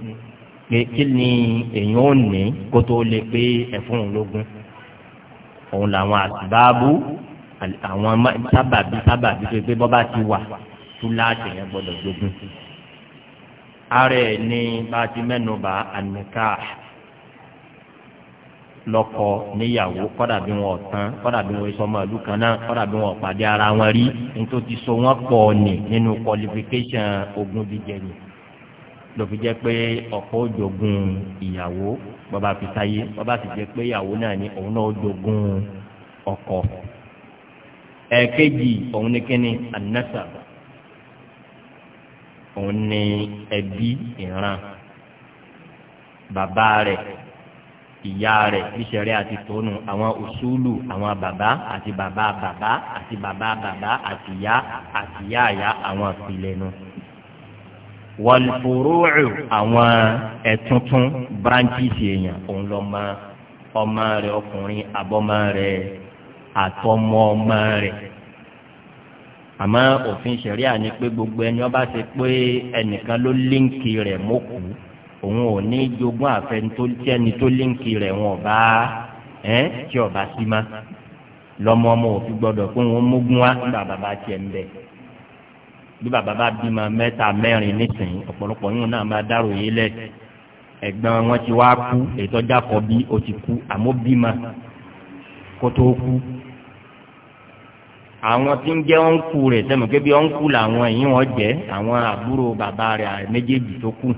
pé kí ni èèyàn ò ní kó tó lè pé ẹ̀fún òun lógún òun làwọn àtibáàbù àwọn sábàbí sábàbí tó pé bọ́ bá ti wà tú láti yẹn gbọ́dọ̀ dogun. ara ẹ̀ bá ti mẹ́nu bá àníkà lọ́kọ níyàwó kọ́dà bí wọn ọ̀tán kọ́dà bí wọn sọmọ ìlú kan náà kọ́dà bí wọn pàdé ara wọn rí nítorí ti so wọn pọ̀ ní nínú qualification ogun jíjẹ ni ló fi jẹ́ pé ọ̀pọ̀ òjògùn ìyàwó bàbá fi sáyé bàbá sì jẹ́ pé ìyàwó náà ni òun náà òjògùn ọkọ ẹ̀ẹ́kejì òun ni kíni anasa òun ni ẹbí ìran bàbá rẹ̀ ìyá rẹ̀ bíṣẹ̀rẹ́ àti tónú àwọn òṣùlù àwọn bàbá àti bàbá bàbá àti bàbá bàbá àti ìyá àti ìyá àyá àwọn àpilẹ̀nu. wọ̀lùfòróòrò àwọn ẹ̀tuntun branches èèyàn òun lọ́mọ ọmọ rẹ̀ ọkùnrin àbọ́mọ rẹ̀ àtọmọ ọmọ rẹ̀ àmọ́ òfin ṣẹ̀ríà ni pé gbogbo ẹni ọba ṣe pé ẹnìkan ló líǹkì rẹ̀ mọ́kù òun ò ní jogún àfẹnitẹ́ni tó líǹkì rẹ̀ wọn ọba ẹ̀ tí ọba sí ma lọmọ ọmọ òfin gbọdọ̀ pé wọn mógún wá nígbà bàbá tiẹ̀ ń bẹ bí bàbá bá bímọ mẹ́ta mẹ́rin nísìnyí ọ̀pọ̀lọpọ̀ yóò náà bá dárò yé lẹ̀ ẹ̀gbọ́n wọn ti wá kú ètò ọjàkọ bí o ti kú àmọ́ bímọ kó tó kú àwọn tí ń jẹ́ ọ̀nkù rẹ̀ sẹ́mi pé bí ọ̀nkù làwọn èyí wọn jẹ́ àwọn àbúrò bàbá rẹ̀ méjèèjì tó kù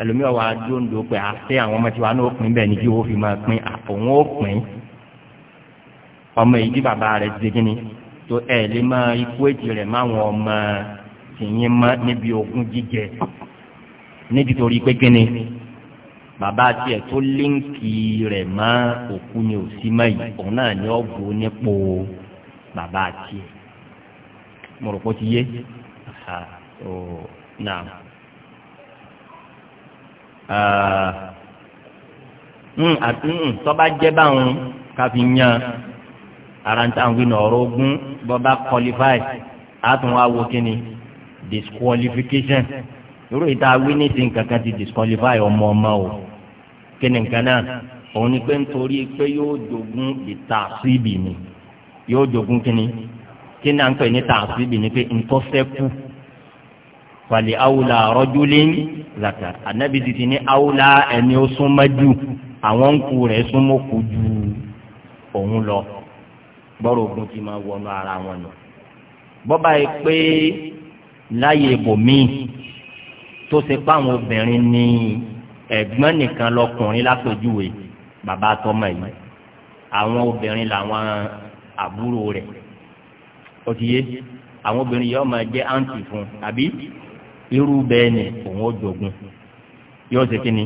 ẹlòmíọ̀ wá dóńdó pé àṣẹ ah, àwọn ọmọ tiwa náà pín bẹ́ẹ̀ ni kí wọ́n fi máa pín àfòun ah, ó pín ọmọ yìí tí bàbá rẹ̀ ti kí ni tó ẹ̀ lè máa ikú ètì rẹ̀ máwọn ọmọ tìyín mọ́ níbi ogún jíjẹ níbi torí pé kí ni bàbá tiẹ̀ tó líǹkì rẹ̀ mọ́ òkú ni ò sí mọ́ yìí òun náà ni ó nípò bàbá tiẹ̀ mo rò pé ó ti yé. Ah, oh, nah. Ah, mm, tọ́ba mm, mm, jẹ́ báwọn káfí yan arantanwi nọ̀rọ̀ ogun bọ́ba qualify àtúnwá wo kíni disqualification irú ìta wíní ti nkankan ti disqualify ọmọ ọmọ o kíni nkan náà òun ni pé nítorí pé yóò jogun ìtàsíbì ni yóò jogun kíni kíni à ń pè ní tàsíbì ni pé ntọ́sẹ́kù fàlẹ́ àwùlà rọ́júlín zaka ànábi ti ti ní àwùlà ẹni ó súnmọ́ jù àwọn ń ku rẹ̀ súnmọ́ kù ju òun lọ bọ́rọ̀ ogun ti máa wọnú ara wọn nù bọ́bá yìí pé láyé ibòmíì tó ṣe páwọn obìnrin ní ẹ̀gbọ́n nìkan lọkùnrin lápèjúwe bàbá tọmọ yìí àwọn obìnrin làwọn àbúrò rẹ̀ ó ti yé àwọn obìnrin yìí ó máa àǹtí fún àbí irú bẹ́ẹ̀ ni òun ó jogun yóò ṣe kíni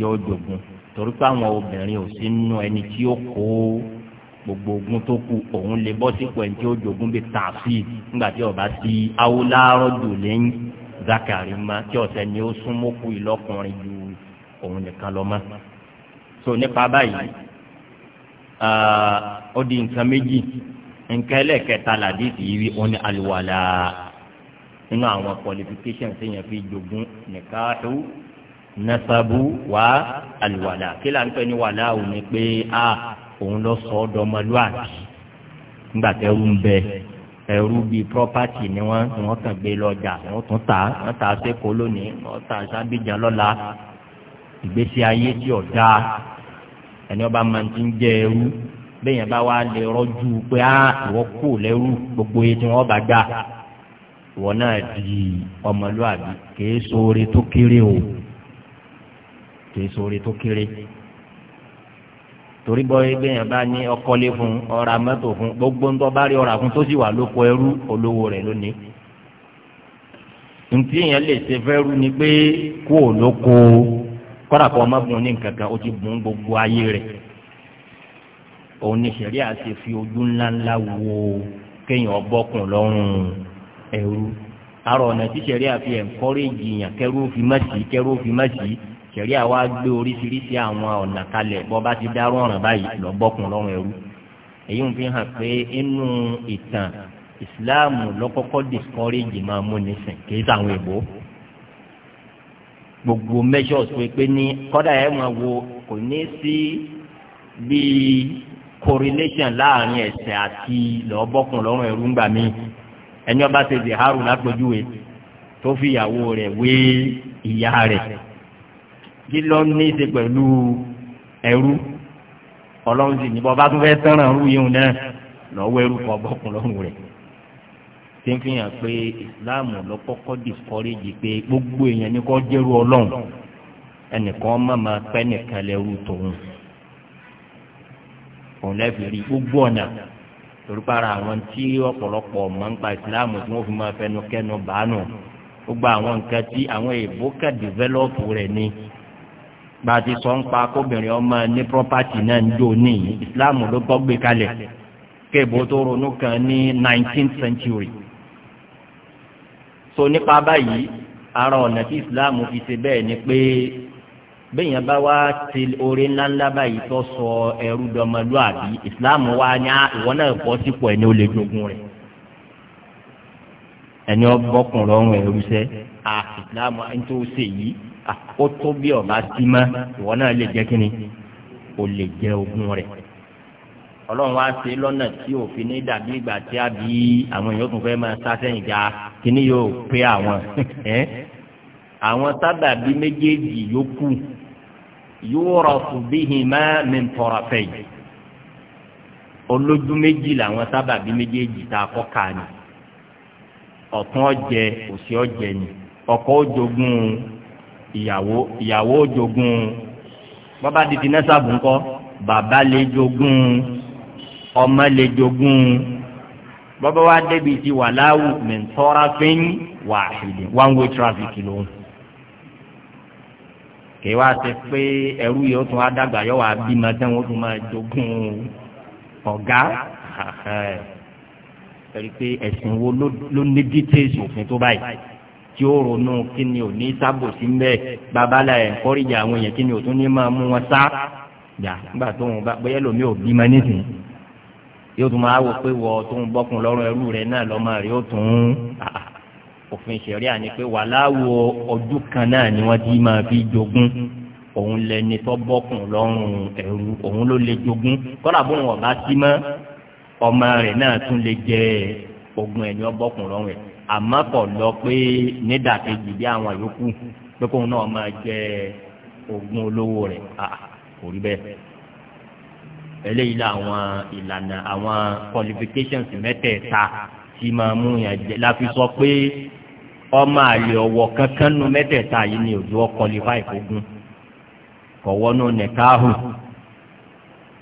yóò jogun torí pé àwọn obìnrin ò sí nínú ẹni tí ó kó gbogbo ogun tó kù òun lè bọ́ sípò ẹni tí ó jogun bí tààfì nígbà tí ọba ti awúláàrọ̀ jù lẹ́yìn zakari ma tí ọ̀sẹ̀ ni ó súnmọ́ kú ìlọ́kùnrin ju òun nìkan lọ mọ́. so nípa báyìí ó di nǹkan méjì nǹkan ẹlẹ́ẹ̀kẹta làdí ìwí òun ni àlùwàlà nínú àwọn qualification téèyàn fi jogún nìkaáhù nasabu wa aliwala kí là ń pẹ́ ní wàlá òun ni pé a òun lọ sọ ọ́ dọmọlúwàbí nígbà tẹ́ ń bẹ ẹrú bíi property ni wọ́n wọ́n kàn gbé lọ́jà wọ́n tún ta wọ́n ta sẹkọọ lónìí wọ́n ta sábìjà lọ́la ìgbésí ayé tí ò dáa ẹni ọba máa ti ń jẹ ẹrú bẹ́ẹ̀ yẹn bá wà lè rọ́jú pé a ìwọ kù lẹ́rú gbogbo yìí tí wọ́n bá gbà wọn náà di ọmọlúwàbí kìí sóore tó kéré o kìí sóore tó kéré torí bọ́ ẹgbẹ́ yẹn bá ní ọkọ́lé fún ọ̀rá mọ́tò fún gbogbo ń tọ́ba rí ọ̀rá fún tó sì wà lóko ẹrú olówó rẹ̀ lónìí ntí yẹn lè ṣe fẹ́rú ni pé kó o lóko kọ́dà kọ́ ọmọbìnrin ní nǹkan ó ti bùn gbogbo ayé rẹ̀ òun ni sẹ̀ríà ṣe fi ojú ńláńlá wo kéèyàn ọbọ̀kùn lọ́rùn ẹrú àrò ọ̀nà tí sẹ̀ríà fi ẹ̀ńkọ́rẹ́jì yàn kẹ́rú fi má sí kẹ́rú fi má sí sẹ̀ríà wá gbé oríṣiríṣi àwọn ọ̀nà kalẹ̀ bọ́ bá ti dárú ọ̀ràn báyìí lọ bọ́kùn lọ́rùn ẹrú èyí ń fi hàn pé inú ìtàn ìsìláàmù lọ́kọ́kọ́ discourage máa mú nísìn kì í sàwọn èbó gbogbo measures pé pé ní kọ́dà ẹ̀ máa wo kò ní sí bíi correlation láàrin ẹ̀sẹ̀ àti lọ́bọ̀kùn lọ́rùn ẹrú ńgbà míì ẹni ọba ṣe ziharu lápẹjúwe tó fi ìyàwó rẹ̀ wé ìyá rẹ̀ kí ló ní í ṣe pẹ̀lú ẹrú ọlọ́run sì ní bọ́ bá tún fẹ́ tẹ́ràn rú yíhun náà lọ́wọ́ ẹrú kan bọ́kùn lọ́rùn rẹ̀ tí ń fi pé ìsìláàmù ló kọ́kọ́ dìkọ́rẹ́jì pé gbogbo èèyàn ní kọ́ jẹ́rú ọlọ́run ẹnìkan mọ̀mọ́ pẹ́ nìkan lẹ́rú tòun òun lẹ́bi rí gbogbo ọ̀nà torípàrà àwọn tí ọ̀pọ̀lọpọ̀ máa ń pa ìsìláàmù tí wọ́n fi máa fẹnu kẹnu bàánu gbogbo àwọn nǹkan tí àwọn èèbó kà dìvẹ́lọ́pù rẹ̀ ni gba ti sọ ń pa kóbìnrin ọmọ ní pọ́pátì náà ń jò ní ìsìláàmù ló gbọ́ gbé kalẹ̀ kéèbó tó ronú kan ní nineteenth century so nípa báyìí ara ọ̀nà tí ìsìláàmù fi ṣe bẹ́ẹ̀ ni pé bẹ́ẹ̀yàn bá wá ti orí ńláńlá báyìí tó sọ ẹrú dọmọlúàbí ìsìláàmù wa ní ìwọ náà bọ́ sípò ẹni ó lè jogún rẹ̀ ẹni ọgbọ́kùn lọ́rùn ẹrú sẹ́ à ìsìláàmù tó ṣe yìí ó tó bí ọba sí mọ́ ìwọ náà lè jẹ́ kínni ó lè jẹ́ ogún rẹ̀ ọlọ́run wá ṣe lọ́nà tí òfin ní dàbí ìgbà tí a bí àwọn èèyàn tún fẹ́ máa sá sẹ́yìn ga kíní yóò pé àwọn àwọn sábàbí méjèèjì yòókù yurafu bihima min tarafay olójú méjì làwọn sábàbí méjèèjì tá a kọ́ ká ni ọ̀tún ọ̀jẹ̀ òsì ọ̀jẹ̀ ni ọkọ òjogún ìyàwó ìyàwó òjogún bàbá didi nẹ́sàbù ńkọ́ bàbá lè jogún ọmọ lè jogún bàbá wa débi ti wàláwù min tarafin wahidin one way traffic lòun kì í wá ṣe pé ẹrú yìí ó tún wá dàgbà yọ wá bímọ tẹ́ wọ́n tún máa jogún ọ̀gá ẹ̀rí pé ẹ̀sìn wo ló ní details òfin tó báyìí tí ó ronú kí ni ò ní sábò sí mbẹ babalá ẹ̀ kọ́ríjà àwọn èèyàn kí ni ò tún ní máa mú wọn sá yà nígbà tó ń bá bóyá lómi ò bímọ nísìnyí yóò tún máa wò pé wọ́ọ́ tó ń bọ́kùn lọ́rùn ẹrú rẹ̀ náà lọ́mọ rẹ̀ yóò tún un òfin ṣẹ̀ríà ni pé wàláwo ọdún kan náà ni wọ́n ti máa fi jogún òun lẹni tó bọ́kùn lọ́rùn ẹ̀rú òun ló lè jogún kọ́lá bó wọn bá sí mọ́ ọmọ rẹ̀ náà tún lè jẹ ogún ẹni ọbọ̀kùn lọ́rùn ẹ̀ àmọ́ kọ̀ lọ pé nídàkejì bí àwọn yòókù pé kóun náà máa jẹ ogún olówó rẹ̀ kò rí bẹ́ẹ̀ eléyìí làwọn ìlànà àwọn qualifications mẹ́tẹ̀ẹ̀ta tí máa mú yàn jẹ láfi sọ pé ọmọ àlè ọ̀wọ̀ kankan nu mẹ́tẹ̀ẹ̀ta yìí ni òjò ọkọlẹ̀ fáì fógún kọ̀wọ́ nù nìkaahù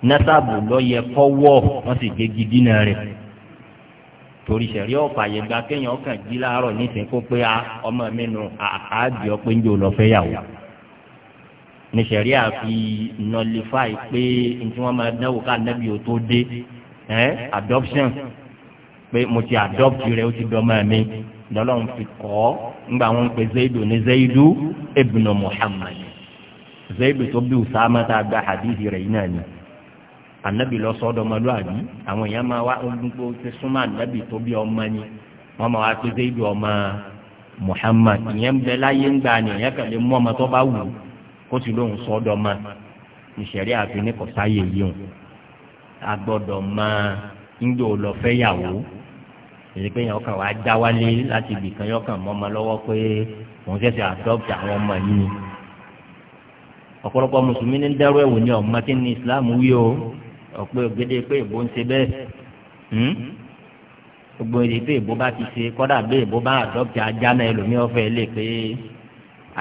nátàbù lọ́yẹ kọ́wọ́ wọ́n sì gé gidi náà rẹ̀ torí sẹ̀rí ọ̀fà yẹn gba kéèyàn kàn jí láàárọ̀ nísìnyí kó pé ah, ọmọ mi nu àádìí ọpẹ́ ń lọ fẹ́ yàwó ní sẹ̀rí àfi nọlifáì pé ntí wọ́n máa dánwò ká nẹ́bí o tó dé ẹ́ adoption pé mo ti adopt rẹ̀ ó ti dọ́ mi lọ́lọ́run fi kọ́ ńgbà wọn pe zayidu ní zayidu ibnu muhammad zayidu tó bí usama tá a gba hadithi rẹ̀ yìí náà ni anabi lọ sọ ọdọmọlúwàbí àwọn èèyàn máa wá gbogbo ti súnmọ́ anabi tó bí ọmọ ni wọn máa wá pe zayidu ọmọ muhammad ìyẹn bẹ láyé ńgbà ni ìyẹn kàlẹ́ mú ọmọ tó bá wù kó sì lóun sọ ọdọmọ ìṣẹ̀rí àfi ní kọ̀sáyé yìí o agbọ́dọ̀ máa ń dò lọ fẹ́yàwó èyí pé yẹn ọkàn wàá já wálé láti ibì kan yọkàn mọ́ ọmọ lọ́wọ́ pé òun ṣẹ̀ṣẹ̀ adopt àwọn ọmọ yìí ni ọ̀pọ̀lọpọ̀ mùsùlùmí ní dẹ́rù ẹ̀wò ni ọ̀ma kí ni islam wí o ọ̀pẹ́ ògede pé ìbò ń ṣe bẹ́ẹ̀ hmm? gbogbo èdè pé ìbò bá ti ṣe kọ́dà bí ìbò bá adopt ajá náà ẹlòmíì ọ̀fẹ́ lè pé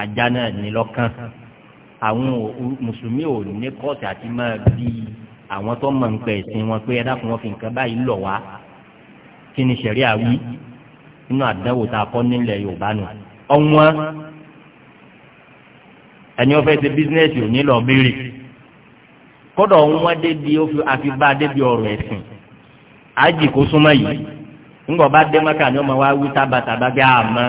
ajá náà ní lọ́kàn àwọn mùsùlùmí ò ní kọ́ọ̀tì àti máa bí àwọn tó mọ̀ nípa ẹ̀sìn wọn pé ẹ dákun wọn fi nǹkan báyìí lọ̀ wá kí ni sẹ̀rí àwí nínú àdánwò tá a kọ́ nílẹ̀ yorùbá nù ọ̀wọ́n ẹni wọ́n fẹ́ ṣe bísínẹ́sì ò ní lọ béèrè kọ́dọ̀ débi ó fi àfibá débi ọ̀rọ̀ ẹ̀sìn àjì kó súnmọ́ yìí ńgbọ̀ bá dé mọ́kà ni ọmọ wa wí tábàtàbà bí àmọ́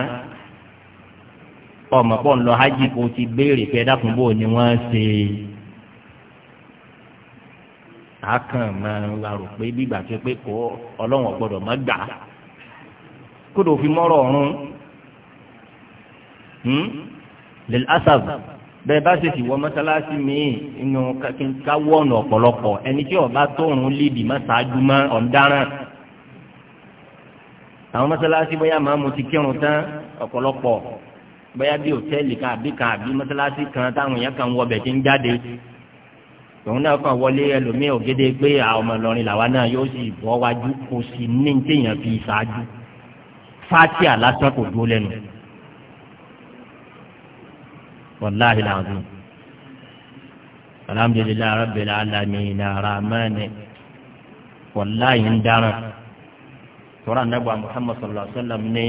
ọmọ pọ̀ ń lọ àjì kó ti béèrè pé ẹ̀dákùnbó ni wọ́n ṣe àákàn máa ń rò pé bígbà tó pé kó ọlọ́run ọ̀gbọ́dọ̀ má gbà á kódò fi mọ́rọ̀ ọ̀run hmm? lil asaf bẹ́ẹ̀ bá ṣe ti wọ mọ́sálásí míì inú káwọ́ ọ̀nà ọ̀pọ̀lọpọ̀ ẹni tí ọba tóorùn lébi má ṣáájú mọ́ ọ̀ndaràn àwọn mọ́sálásí bóyá máa mu ti kírun tán ọ̀pọ̀lọpọ̀ bóyá bí òtẹ́ẹ̀lì kan àbí kan àbí mọ́sálásí kan táwọn èèyàn kan wọ bẹ̀ ti ń jáde tòun náà kàn wọlé ẹlòmíì ògede pé àwọn ọmọ Ìlọrin làwa náà yóò sì bọ́ wájú kò sí ní téèyàn fi ṣáájú fátíà lásán kò dúró lẹ́nu wàláhi làwọn alhamdulilayi rabbil alamin aramani wàláhi ń dáràn tọ́ra nàgbà Muhammad sallallahu alayhi wa sallam ní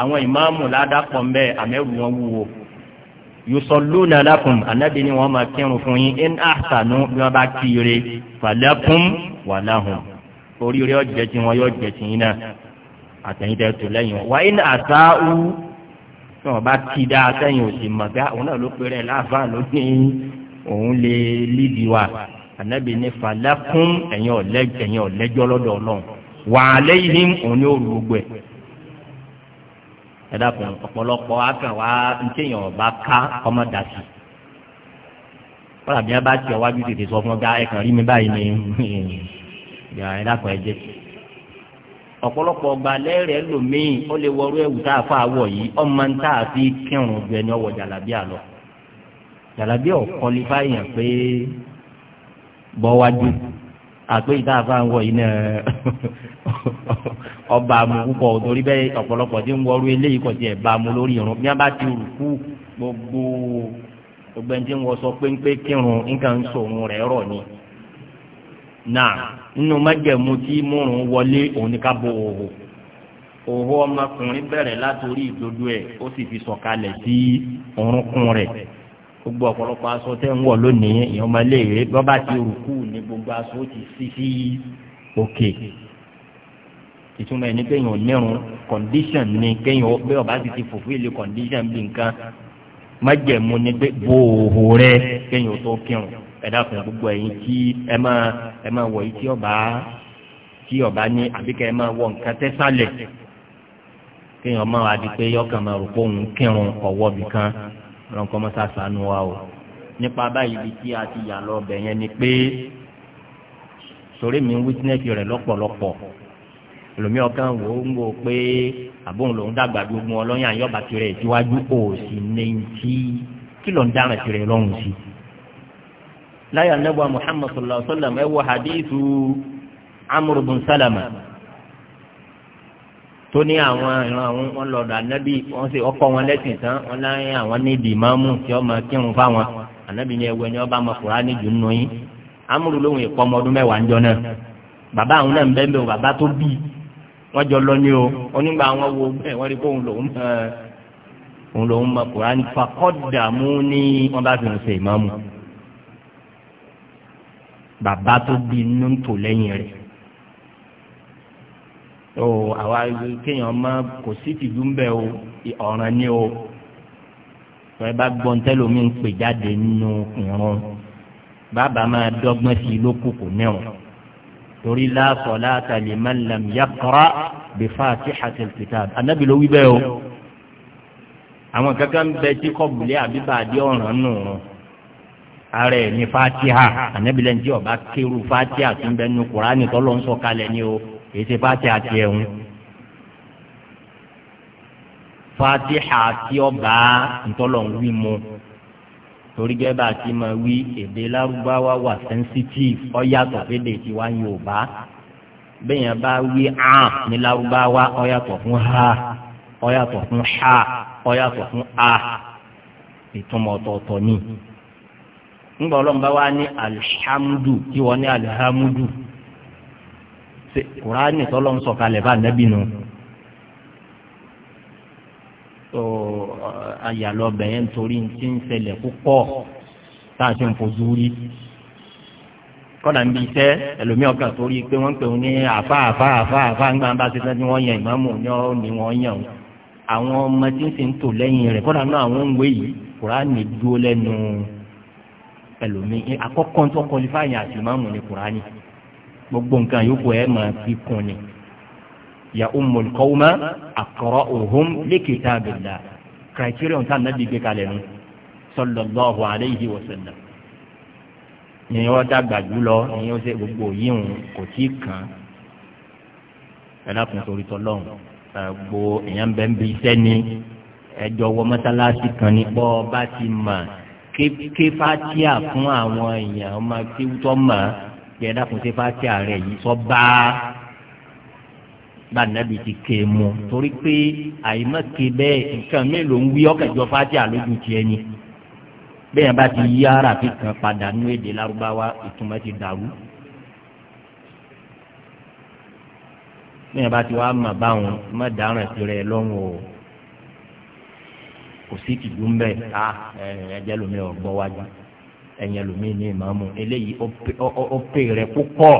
àwọn ìmáàmù ládàpọ̀ ń àmẹ́rù wọn wúwo yusọlúna lakum anabi ni wọn máa kírun fún yín in ahsanu bí wọn bá kíire falakum walahum oríire ọjẹ tí wọn yóò jẹ tí yín náà àtẹ̀yìn tẹ tó lẹ́yìn wọn. wà in asa'u tí wọn bá ti dá sẹ́yìn òsì mọ̀ bí ah, náà ló pèrè láàfáà ló òun lè lídi wa anabi ni falakum ẹ̀yin ọ̀lẹ́jọ́ lọ́dọ̀ ọlọ́run wa alayhim òun ni rú gbẹ ẹ dákun ọ̀pọ̀lọpọ̀ akàn wá ntẹ̀yìn ọba ká ọmọ dàsí kọ́lá bí wọ́n bá tiẹ̀ wájú tètè sọ fún ọgá ẹ̀kan rí mi báyìí ni ẹ dákun ẹ jẹ́ ọ̀pọ̀lọpọ̀ ọgbà lẹ́rẹ̀ẹ́ lòmíì ó lè wọrú ẹ̀wù tá a fà wọ̀ yìí ọmọ ń tà fi kírun ju ẹni ọwọ́ jàlábíà lọ jàlábíà ọ̀kọ́lifáyàn pé bọ́wájú àpé ìdáàfà ń wọ iná ọba àmúkúkọ torí bẹ́ẹ̀ ọ̀pọ̀lọpọ̀ tí ń wọrú eléyìí kọ̀ tiẹ̀ bá mu lórí irun bí wọ́n bá ti rù kú gbogbo gbogbo tí ń wọ sọ péńpé kírun nǹkan ń sòrun rẹ̀ rọ̀ ni. náà nínú májẹ̀mú tí múrun wọlé òun ní ká bo òhò òhò ọmọkùnrin bẹ̀rẹ̀ látòrí ìdodo ẹ̀ ó sì fi sọ̀kalẹ̀ sí orúnkún rẹ̀ gbogbo ọ̀pọ̀lọpọ̀ aṣọ tẹ́ ń wọ̀ lónìí èèyàn máa lè rè bọ́ bá ti rùkú ní gbogbo aṣọ ti sí sí òkè ìtumọ̀ ẹni pé nírun condition ni kéèyàn pé ọba ti ti fulfill condition bí nǹkan májẹ̀mú ni pé bòòhò rẹ kéèyàn tó kírun ẹ̀dá fún gbogbo ẹ̀yin tí ẹ máa ẹ máa wọ̀ yìí tí ọba tí ọba ní àbíkẹ́ ẹ máa wọ nǹkan tẹ́sálẹ̀ kéèyàn máa wá di pé yọkàn máa rò pé òun kírun ọ̀wọ́ bìkan ọlọ́run kọ́ mọ́sá sànú wa o nípa báyìí ibi tí a ti yà lọ bẹ̀ yẹn ni pé sọ̀rọ̀ mi ń wítínẹ́sì rẹ̀ lọ́pọ̀lọpọ̀ lómi ọkàn wò ó ń wò pé àbóhùn lòún dàgbà gbogbo ọlọ́yìn àyọ̀bà tirẹ̀ síwájú kò sí ní ti kí ló ń dáràn tirẹ̀ lọ́rùn sí. láyà nẹ́bù Muhammad sallallahu alaihi wasallam ẹ wọ hadithu Amr bin Salama tó ní àwọn ìran àwọn wọn lọ́dọ̀ ànábì wọn sì ọkọ wọn lẹ́sìn tán wọn láyé àwọn nídìí ìmáàmù tí ọmọ kírun fáwọn ànábì ní ẹwẹ ni ọba mọ̀kúrá níjù nù yín amúlù lóhùn ìpọ́ ọmọ ọdún mẹ́wàá ńjọ náà bàbá àwọn náà ń bẹ́ẹ̀ bẹ́ẹ̀ o bàbá tó bí wọ́n jọ lọ ní o onígbà wọn wo bẹ́ẹ̀ wọ́n rí kóhùn lòún mọ́ òun lòún mọ ní fakọ́dàmú ní wọ́n bá fi hàn o àwa kéèyàn má kò sí tìlú ń bẹ o ọ̀ràn ni o ẹ bá gbọ́n tẹ́lómi ń pè jáde nínú ìrun bàbá máa dọ́gbọ́n sí i lókù kò nírun torí la salata liman lam yaqra bi fatihatil kitab anábì ló wí bẹ́ẹ̀ o àwọn kankan ń bẹ tí kọ́bùlé àbí bàdí ọ̀ràn nù rún ara ẹ̀ ní fatiha anábì lẹ́yìn tí ọba kéru fatiha tó ń bẹ nu kùránì tó ló ń sọ kalẹ̀ ni o kì í ṣe fati àti ẹ̀hún fatiha tí ọba ntọ́lọ̀wí mu torí gẹ́gẹ́ bá a ti máa wí èdè lárúbáwá wà sensitive ó yàtọ̀ fédè tí wá yorùbá bẹ́ẹ̀ bá wí àn ní lárúbáwá ó fún ha ó fún ha ó fún a ìtumọ̀ ọ̀tọ̀ọ̀tọ̀ ni ńgbà ọlọ́run bá ní alihamudu tí wọ́n ní alihamudu kùránì tọ́lọ́ ń sọ̀kalẹ̀ bá nẹ́bí nu. tó ayàlọ́ bẹ̀yẹn nítorí ti ń ṣẹlẹ̀ púpọ̀ tá a ti ń fojú rí kọ́dà ń bi iṣẹ́ ẹlòmíràn kan torí pé wọ́n ń pè wọ́n ní àfa àfa àfa àfa ńgbà bá ṣe sẹ́ni wọ́n yan ìmáàmù ní ọ́ ní wọ́n yàn ọ́ àwọn ọmọ tí ń sì tò lẹ́yìn rẹ̀ kọ́dà náà àwọn ń yìí kùránì dúró lẹ́nu ẹlòmíràn àkọ́kọ́ tó kọlifáyìn àti ìmáàmù ní kùránì gbogbo nǹkan yòókù ẹ máa fi kún ni ya umul qawma aqra'uhum li kitabillah criterion tá nàbí gbé kalẹ̀ nù sallallahu alayhi wa sallam ìyẹn wọ́n dàgbà jùlọ ìyẹn wọ́n ṣe gbogbo yíyùn kò tí ì kàn ẹ lákùn torí tọ́lọ́hún gbogbo èèyàn bẹ́ẹ̀ ń bi iṣẹ́ ni ẹjọ́ wọ mọ́sálásí kan ní bọ́ bá ti mà ké fún àwọn èèyàn ọmọ akéwútọ́ mà jẹ́ dákun sí fáti ààrẹ yìí sọ bá bá nàbì ti ké mu torí pé àìmọ̀ké bẹ́ẹ̀ nǹkan mélòó ń wí ọ̀kẹ́jọ fáti àlójú tiẹ̀ ni bẹ́ẹ̀ bá ti yí ara fi kan padà nú èdè lárúbáwá ìtumọ̀ ti dàrú. bẹ́ẹ̀ bá ti wá mà báwọn má dáràn sí rẹ̀ lọ́wọ́ kò sí tìjú ń bẹ̀ ká ah, ẹ̀ẹ́dẹ́gbẹ̀lómi ọ̀gbọ́wájú ẹ̀yìn ẹlòmíì ní ìmáàmù eléyìí ó pè rẹ púpọ̀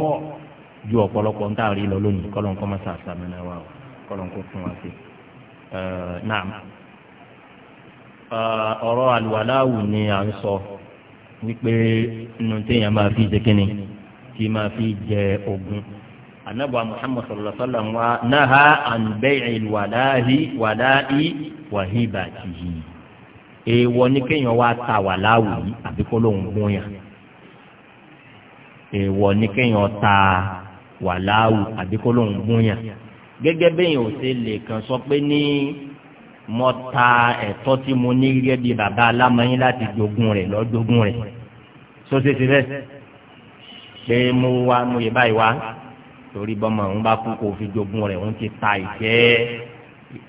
ju ọ̀pọ̀lọpọ̀ ń tàrí lọ lónìí kọ́lọ́n kọ́ máa ṣàṣàmì náà wà ó kọ́lọ́n kó fún wa sí naam ọ̀rọ̀ àlùwàláwù ni à ń sọ wípé nínú téèyàn máa fi jẹ kínní tí máa fi jẹ ogun anabu muhammad sallallahu alaihi Wasallam wa naha an bẹ́ẹ̀ wàláhi wàláhi wàhíbàtìyí èèwọ̀ ni kéèyàn wá ta wà láwùí àbí kó lóun gún yàn èèwọ̀ ni kéèyàn ta wà láwù àbí kó lóun gún yàn gẹ́gẹ́ bẹ́yìn ò lè kàn sọ pé ní mo ta ẹ̀tọ́ tí mo ní gẹ́gẹ́ bí bàbá alámọ̀yìn láti jogún rẹ̀ lọ́jọ́gún rẹ̀ sóṣèṣe bẹ́ẹ̀ pé mo wá mo yẹ báyìí wá torí bọ́mọ òun bá kú kó fi jogún rẹ̀ òun ti ta ìjẹ́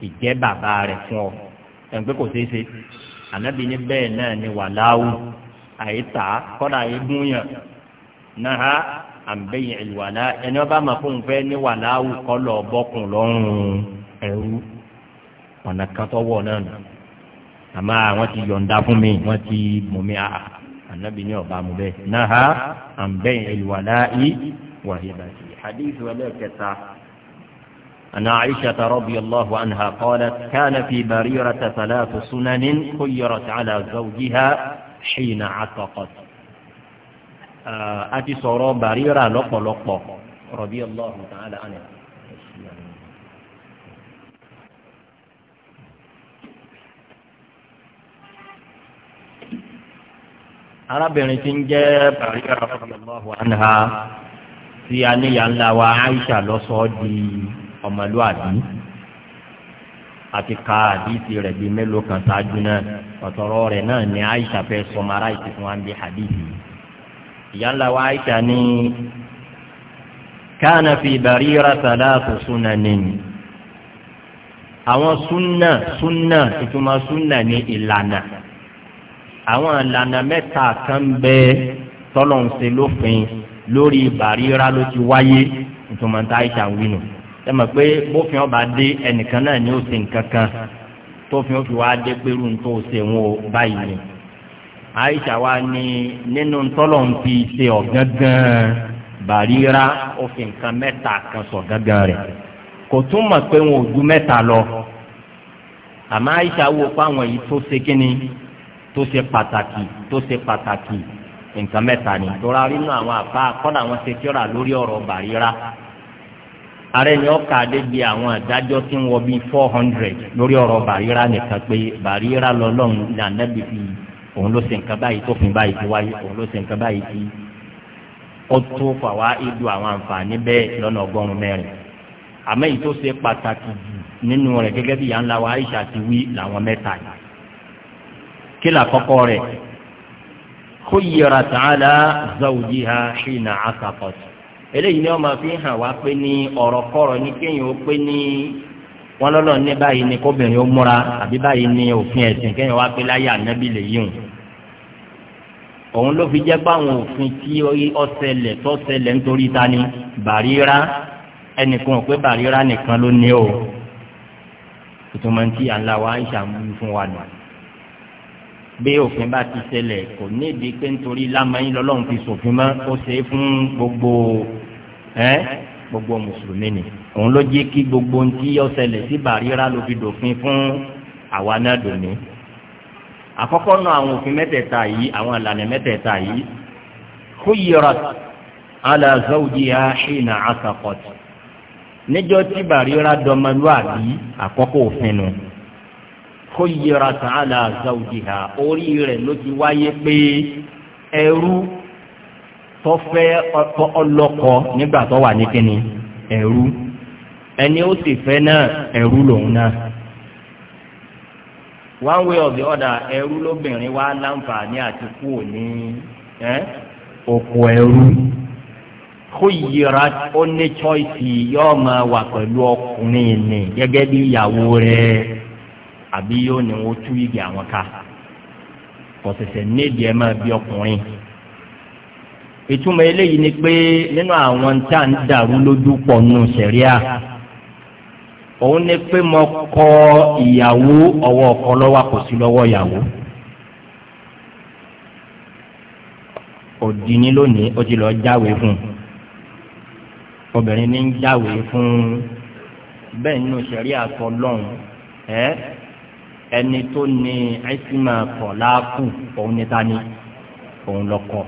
ìjẹ́ bàbá rẹ̀ fún ọ ẹ̀ǹpẹ́ kò ṣeé ṣe ànábì ní bẹ́ẹ̀ náà ni wà láwù àyíta kọ́dà eégún yàn náà àǹbẹ̀yìn ìwàlá ẹni ọba máa fóun fẹ́ ní wà láwù kọ́ bọ́kùn lọ́rùn ẹ̀rú ọ̀nà kan tọ́wọ́ náà nù àmọ́ àwọn ti yọ̀ǹda fún mi wọ́n ti mú mi àhà ànábì ní ọba mu bẹ́ẹ̀ náà àǹbẹ̀yìn ìwàlá yìí wà yìí bàtì hadith wọlé kẹta. أن عائشة رضي الله عنها قالت كان في بريرة ثلاث سنن خيرت على زوجها حين عتقت آه، أتي صورة بريرة لقى لقى رضي الله تعالى عنها arábìnrin tí ń jẹ́ bàríkà rọ́bìnrin lọ́wọ́ àná tí a níyà ńlá wa aisha lọ́sọ̀ọ́ di ọmọlúwàbí àti ka àdìsí rẹ̀ bíi mélòó kan ṣáájú náà ọ̀tọ̀rọ̀ rẹ̀ náà ni Aisha fẹ́ sọmara ìsìn fún wa ń bí àdìsí ìyá ńlá wa Aisha ní kánà fi Barira sàdáàtò súnà nìyí àwọn súnà súnà ìtumọ̀ súnà ní ìlànà àwọn ìlànà mẹ́ta kan bẹ́ẹ̀ tọ́lọ̀ lófin lórí Barira ló ti wáyé ìtumọ̀ tá Aisha ń wí nù. No ẹ mọ̀ pé bófin ọba dé ẹnìkan náà ni ó ṣe nǹkan kan tófin ó fi wá dé pẹ̀lú tó ṣe wọn báyìí ni Aisha wa ni nínú tọ́lọ̀ ń fi ṣe ọ̀gángan Bàrírà òfin nǹkan mẹ́ta kan sọ gángan rẹ̀ kò tún mọ̀ pé wọn ò ju mẹ́ta lọ àmọ́ Aisha wo fáwọn èyí tó ṣe kínní tó ṣe pàtàkì tó ṣe pàtàkì nǹkan mẹ́ta ni tó rárí nù àwọn àfa kọ́dà wọn ṣe tíọ́ra lórí ọ̀rọ̀ Bàrírà. ààrẹ ni ó kà débi àwọn àdájọ́ tí ń wọ bíi four hundred lórí ọ̀rọ̀ bàríra nìkan pé bàríra lọ́lọ́run ní ànábì fi òun ló ṣe nǹkan báyìí tó fi báyìí ti wáyé òun ló ṣe nǹkan báyìí ti ó tó fà wá ìlú àwọn àǹfààní bẹ́ẹ̀ lọ́nà ọgọ́rùn-ún mẹ́rin àmọ́ èyí tó ṣe pàtàkì jù nínú rẹ̀ gẹ́gẹ́ bí ìyá ńlá wa Aisha ti wí làwọn mẹ́ta yìí kí rẹ̀ kó yẹra tààlà eléyìí ni wọn máa fi hàn wá pé ní ọ̀rọ̀ kọ̀rọ̀ ní kéèyàn ó pé ní wọn lọ́nà ní báyìí ni kóbìnrin ó múra àbí báyìí ni òfin ẹ̀sìn kéèyàn wá pé láyé ànábì lè yíwùn òun ló fi jẹ́ pé àwọn òfin tí ọ̀sẹ̀lẹ̀ tọ́sẹ̀lẹ̀ nítorí ta ni bàríra ẹnìkan ò pé bàríra nìkan ló ní o ìtumọ̀ ní ti àńlá wa ìṣàmúlò fún wa nù bí òfin bá ti ṣẹlẹ̀ kò ní ìdí pé nítorí lámàyín lọ́lọ́run fi ṣòfin mọ́ ó ṣe é fún gbogbo ẹ́ gbogbo mùsùlùmí ni òun ló gbogbo ohun tí yóò ṣẹlẹ̀ sí bàríra ló fi dòfin fún àwa náà dòní. àkọ́kọ́ náà àwọn òfin mẹ́tẹ̀ẹ̀ta yìí àwọn ìlànà mẹ́tẹ̀ẹ̀ta yìí khuyirat ala zawjiha hina asaqat níjọ́ tí bàríra dọmọlúàbí àkọ́kọ́ òfin yi khuyirat ala zawjiha orí rẹ̀ ló ti wáyé pé ẹrú tó fẹ́ ọlọ́kọ nígbà tó wà ní kíni ẹ̀rú ẹni ó sì fẹ́ náà ẹ̀rú lòun náà one way or the other ẹ̀rú lóbìnrin wá láǹfààní àti kú òní òkú ẹ̀rú kó yíra ó ní choice yóò máa wà pẹ̀lú ọkùnrin ni gẹ́gẹ́ bí ìyàwó rẹ̀ àbí yóò ní wọ́n tú igi àwọn ká kò sẹ̀sẹ̀ nídìí ẹ máa bí ọkùnrin ìtumọ̀ eléyìí ni pé nínú àwọn tí a ń dàrú lójú pọ̀ nù sẹ̀ríà òun ni pé mo kọ ìyàwó ọwọ́ ọkọ lọ́wọ́ kò sí lọ́wọ́ ìyàwó. òdì ní lónìí ó ti lọ jáwèé fún un obìnrin ní ń jáwèé fún un bẹ́ẹ̀ nínú sẹ̀ríà tọ́lọ́hún ẹ́ ẹni tó ní ẹ́sìmọ̀ kọ̀ láàkù òun ní ta ni òun lọ́kọ̀ọ́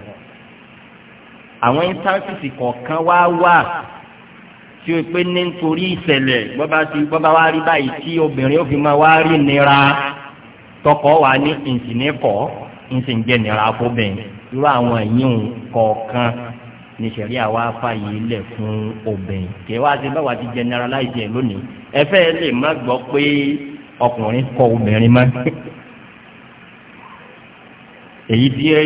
àwọn instances kọ̀ọ̀kan wá wà tí o pé ní nítorí ìṣẹ̀lẹ̀ bọ́ba ti bọ́ba wá rí báyìí tí obìnrin ó fi máa wá rí nira tọkọ wà ní ìsìnìkọ̀ ìsìnjẹ́ nira fóbìnrin irú àwọn ẹ̀yìn kọ̀ọ̀kan ní sẹ̀rí àwa fààyè lẹ̀ fún obìnrin kí wá sí báwa ti generalize ẹ̀ lónìí ẹ fẹ́ lè má gbọ́ pé ọkùnrin kọ obìnrin mọ́ èyí tí ẹ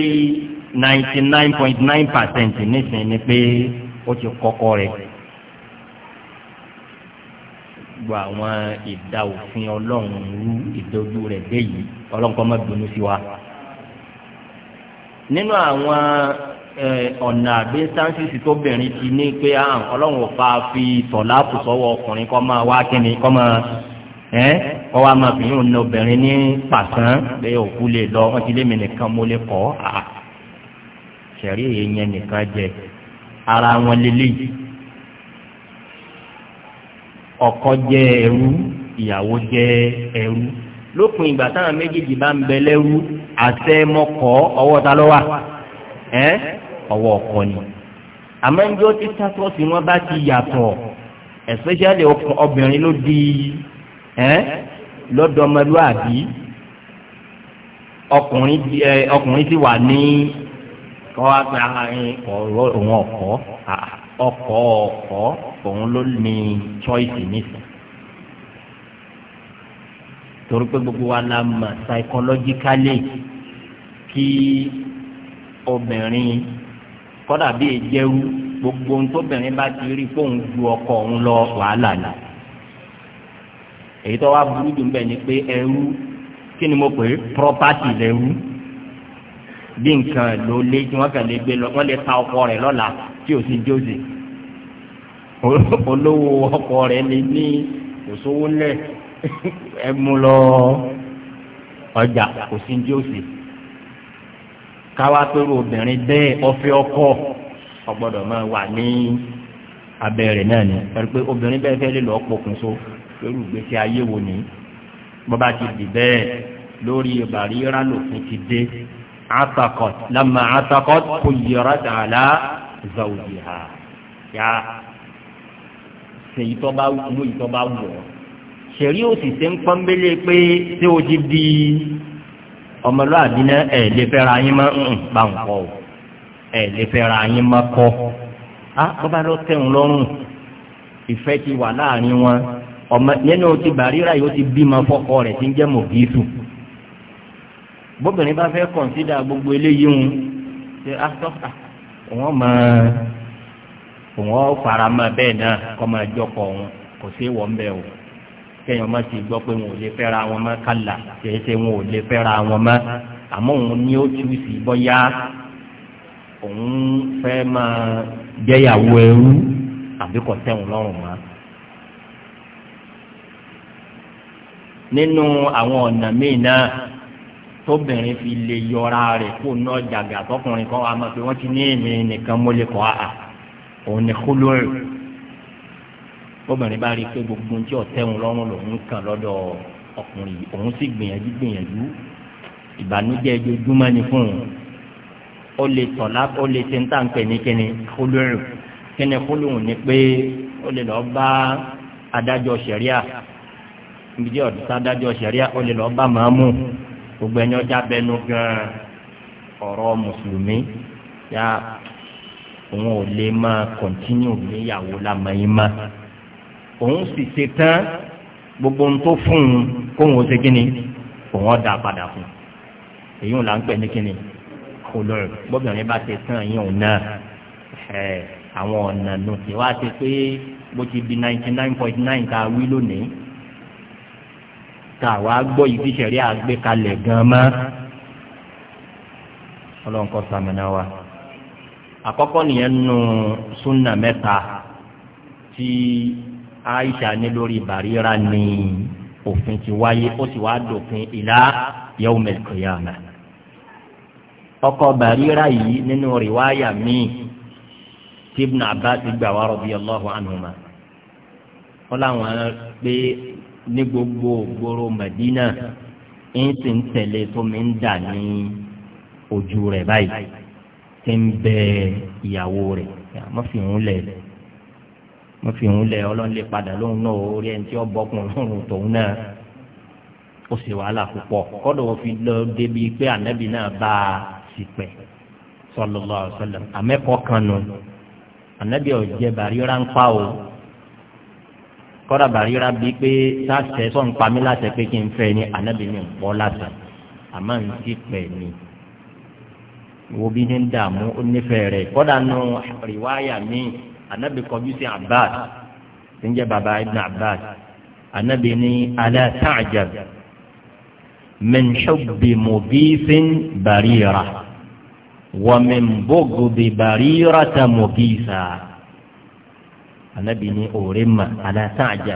ninety nine point nine percent nísìnyí ni pé ó ti kọ́kọ́ rẹ̀ gbogbo àwọn ìdá òfin ọlọ́run rú ìdójú rẹ̀ dé yìí ọlọ́run kọ́ mọ́ bínú sí wa. nínú àwọn ọ̀nà àbí sáńsìsì tóbìnrin ti ní pé ọlọ́run ò fa fi tọ̀lá kù sọ́wọ́ ọkùnrin kọ́ máa wá kíni kọ́ máa ẹ́ kọ́ wá máa fi yóò na obìnrin ní pàṣán pé òkú lè lọ wọ́n ti lé mi nìkan mo lè kọ́ àá sẹ̀rí èèyàn nìkan jẹ ara wọn lélẹ̀ ọkọ jẹ ẹrú ìyàwó jẹ ẹrú lópin ìgbà táwọn méjèèjì bá ń bẹ lẹ́rú àtẹ mọ́kọ ọwọ́ ta lọ́wọ́ ẹ ọwọ́ ọkọ ni àmọ́ ń jọ́ tí sátọ́ọ̀sì wọn bá ti yàtọ̀ especially obìnrin ló di ẹ lọdọmọlúwàbí ọkùnrin ti wà ní kọ́ wá pé ọ̀rọ̀ òun ọ̀kọ́ ọkọ̀ ọ̀kọ́ òun ló ní choice nísìn. torí pé gbogbo wa la mọ̀ psychologically kí obìnrin kọ́dà bí ìjẹ́rú gbogbo ohun tóbìnrin bá ti rí fóun ju ọkọ òun lọ wàhálà là èyí tó wá burú jù ń bẹ̀ ni pé ẹrú kí ni mo pè é property lẹ́rú bí nǹkan ló lé tí wọ́n kàn lè gbé lọ wọ́n lè ta ọkọ rẹ̀ lọ́la tí ò sí jóse olówó ọkọ rẹ̀ lè ní kò sówó lẹ̀ ẹ mú lọ ọjà kò sí jóse káwá pẹ̀lú obìnrin bẹ́ẹ̀ ọ̀fẹ́ ọkọ ọgbọ́dọ̀ máa wà ní abẹ́rẹ́ náà ni pẹ̀lú pé obìnrin bẹ́ẹ̀ fẹ́ lè lọ́ọ́ pokùn so pẹ̀lú ìgbésí ayé wo ni bọ́ba ti dì bẹ́ẹ̀ lórí ìbàrí rálòfin ti dé atakọt لما atakọt kò على زوجها يا ha ya sèyí tó bá wù yìí tó bá wù ọ sẹ̀rí òsìsẹ́ ń pọ́n bélé pé tí o ti di ọmọlúwàbí náà ẹ̀ lè fẹ́ ra yín mọ́ ń bá ń o ẹ̀ lè fẹ́ ra yín mọ́ kọ́ a bọ́ lọ tẹ̀hún lọ́rùn ìfẹ́ ti wà láàrin wọn ọmọ nínú ti bàrírà yóò ti bímọ fọ́kọ rẹ̀ tí ń jẹ́ mọ̀gísù bóbìnrin bá fẹ́ kọ̀ǹsídà gbogbo eléyìí ń ṣe áfíríkà òun ọmọ òun ọ fara mọ́ bẹ́ẹ̀ náà kọ́ máa jọkọ òun kò sí wọ́n bẹ́ẹ̀ o kẹ́yìn ọmọ ti gbọ́ pé wọn ò lè fẹ́ra wọn mọ́ kálà kìí ṣe wọn ò lè fẹ́ra wọn mọ́ àmọ́ òun ni ó tú sí bọ́yá òun fẹ́ máa jẹ́yàwó ẹrú àbí kò tẹ̀wọ̀n lọ́rùn mọ́. nínú àwọn ọ̀nà míì náà tóbìnrin fi lè yọra rẹ̀ kó náà jàgà tọkùnrin kan wà máa pe wọ́n ti ní èmi nìkan mo lè kọ́ àà òun ni kúlóòrè tóbìnrin bá rí i pé gbogbo ohun tí ọ̀tẹ́hun lọ́rùn lòun kàn lọ́dọ̀ ọkùnrin yìí òun sì gbìyànjú gbìyànjú ìbànújẹ́ ojoojúmọ́ ni fún un ó lè tọ̀lá ó lè ṣe ń tà ń pè ní kíni kúlóòrè kíni kúlóòrè ni pé ó lè lọ́ọ́ bá adájọ́ ṣẹ̀ríà níbi tí ọ̀dùnsá adájọ́ ṣẹ̀ríà ó lè lọ́ọ́ bá màámù gbogbo ẹni ọjà bẹnu gan ọ̀rọ̀ mùsùlùmí yá òun ò lè máa kọ̀ntínú níyàwó lamẹ́yìn mọ́ òun sì ṣe tán gbogbo ohun tó fún un kóun ó ṣe kí ni òun ọ̀dà padà fún un èyí ò là ń pè ní kíni olórí gbọ́bìnrin bá ti tán yín òun náà àwọn ọ̀nà nù tí wàá ti pé bó ti di ninety nine point nine tá wí lónìí tá a wá gbọ́ yìí tíṣẹ̀rí àgbékalẹ̀ gan mọ́ ọlọ́run kọ́ sàmìnà wa àkọ́kọ́ nìyẹn nù súnà mẹ́ta tí Aisha ní lórí Barira ni òfin ti wáyé ó sì wá dòfin ìlà yawmil qiyamah ọkọ Barira yìí nínú rìwáyà míì tí Ibn Abbas gbà wá radiyallahu anhuma wọn làwọn pé ní gbogbo ògbóró Madina ń sì ń tẹ̀lé tó mi ń dà ní ojú rẹ̀ báyìí tí ń bẹ ìyàwó rẹ̀ mọ́ fi ń lẹ̀ mọ́ fi ń lẹ̀ ọlọ́nlẹ̀ padà lóhùn náà orí ẹni tí ó bọ́kùn lóhùn tòun náà ó sì wàhálà púpọ̀ kọ́dọ̀ wọ́n fi lọ débi pé ànábì náà bá a sì pẹ̀ sallallahu alaihi wasallam àmẹ́kọ̀ọ́ kan nù ànábì ọ̀jẹ̀ bàrí ráńpá o kọ́dà bàríra bí pé sáṣẹ sọ̀ ń pa mí láṣẹ pé kí n fẹ́ ni ànábì mi ń pọ́ láṣẹ àmọ́ n ti pẹ̀ ni wo bí ní dààmú ó nífẹ̀ẹ́ rẹ̀ kọ́dà nù rìwáyà mi ànábì kọjú sí Abbas tí ń jẹ́ bàbá Ibn Abbas ànábì ní ala ta'jab min hubbi mughisin bàríra wa min bughdi anabi ni òòrè mà aláṣà àjà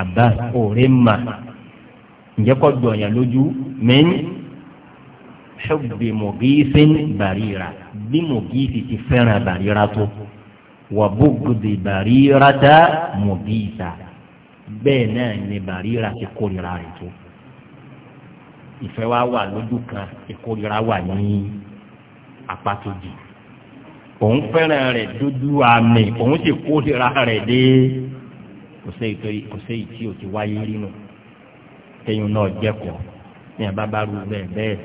abbas òòrè mà ǹjẹ́ kọ́ gbọ̀nyàn lójú mẹ́ń ṣùgbì mọ̀gífín bàríra bí mọ̀gífì ti fẹ́ràn bàríra tó wà búgùdì bàríra tá mọ̀gífà bẹ́ẹ̀ náà ni bàríra ti kórìíra rẹ̀ tó ìfẹ́ wa wà lójú kan ìkórìíra wà ní apá kejì òun fẹ́ràn rẹ̀ dójú àmì òun sì kórìíra rẹ̀ dé kò séyìí tí o ti wáyé rí nù náà jẹ́kọ̀ọ́ ní ẹ̀ bá bẹ́ẹ̀ bẹ́ẹ̀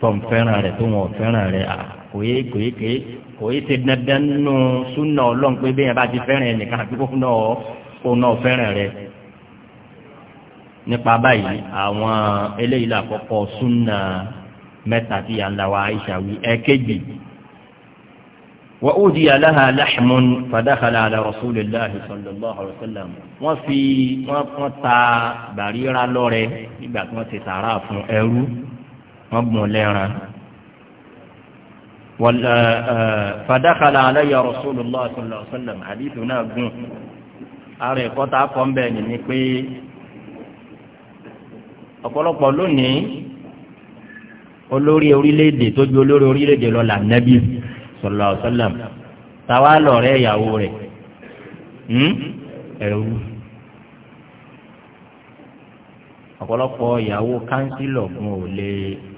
tọ́m fẹ́ràn rẹ̀ tó wọn fẹ́ràn rẹ̀ à kò yé kò yé ké kò yé ṣe dandan nù súnà ọlọ́run pé bẹ́ẹ̀ bá ti fẹ́ràn ẹ̀ nìkan àti kó náà kó náà fẹ́ràn rẹ̀ nípa báyìí àwọn eléyìí làkọ́kọ́ súnà mẹ́ta tí yàrá wa Aisha wí ẹ̀kejì. وأودي لها لحم فدخل على رسول الله صلى الله عليه وسلم wọ́n fi wọ́n ta bàríra lọ́rẹ nígbà tí wọ́n ti sàrà fún ẹrú wọ́n bùn lẹ́ran. فدخل علي رسول الله صلى الله عليه وسلم àdìsí náà gùn ara ẹ̀kọ́ tá a kọ́ ń bẹ̀ ni ni pé ọ̀pọ̀lọpọ̀ lónìí olórí orílẹ̀-èdè tó ju olórí orílẹ̀-èdè lọ là nẹ́bí sọlá ọsọlá tàwa lọrẹ ìyàwó rẹ hmm? ẹrú ọ̀pọ̀lọpọ̀ ìyàwó kánsílọ̀ gan ò lè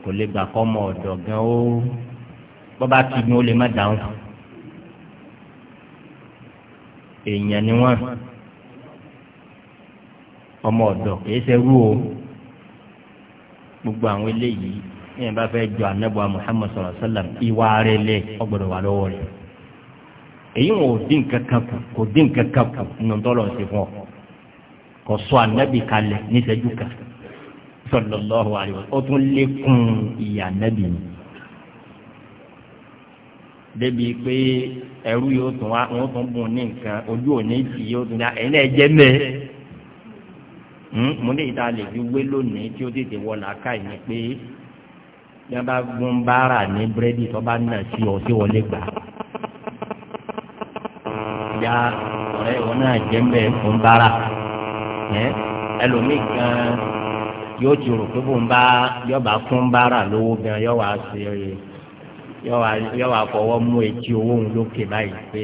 kò lè gbà kọ́ ọmọ ọ̀dọ̀ gan ó bọ́ba ti gbin ó lè má dáhùn èèyàn ni wọ́n ọmọ ọ̀dọ̀ kìí ṣe rú o gbogbo àwọn eléyìí yẹn bá fẹ́ jọ anabuwa muhammad sallallahu alaihi wa sallam ìwà rẹ̀ lé ọgbọ́dọ̀ wà lọ́wọ́ rẹ̀ èyí wọn ò dín kankan kù kò dín kankan kù nínú tọ́lọ̀ ṣe fún ọ anabi kalẹ̀ níṣẹ́jú kan sallallahu alaihi ó anabi ni débi pé ẹrú yóò tún wá wọn tún bùn ní nǹkan ojú òní yóò tún dá hmm, ní bí wọn bá gún báárà ní búrẹ́dì tó bá nà sí ọ sí wọlé gbà. ìyá ọ̀rẹ́ ìwọ náà jẹ́ ń bẹ̀ fún báárà ẹlòmíì kan yóò ti rò pé bóun bá yọba fún báárà lówó gan yọ wá sí yọ wá fọwọ́ mú etí owó òun lókè báyìí pé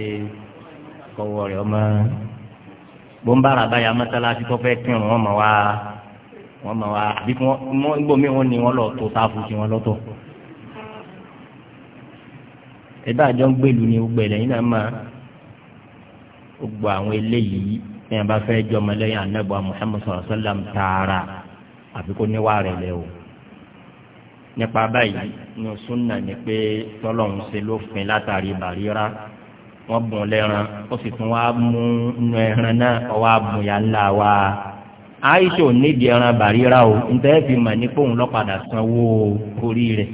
kọ́wọ́ rẹ̀ ọmọ bóun báyà mọ́tálásí tó fẹ́ kírun ọmọ wa wọ́n máa wá bí wọ́n gbọ́ mi wọ́n ní wọ́n lọ tó sáfù tí wọ́n lọ́tọ̀. ẹ̀dá àjọ ń gbèlú ni gbogbo ẹ̀lẹ́yìn náà máa gbogbo àwọn eléyìí ní a bá fẹ́ jọ ọmọlẹ́yìn anábọ̀ Muhammad sallallahu alaihi wasallam tààrà àfi kó níwá rẹ̀ lẹ́ o. nípa báyìí ní súnà ni pé tọ́lọ́hún ṣe lófin látàrí bàríra wọ́n bùn lẹ́ran ó sì tún wá mú inú ẹran náà ọwọ́ àbùyá ńlá wa aisha ò nídìí ẹran bàríra o ntẹ́ fi mà ní pòun lọ́padà sanwó orí rẹ̀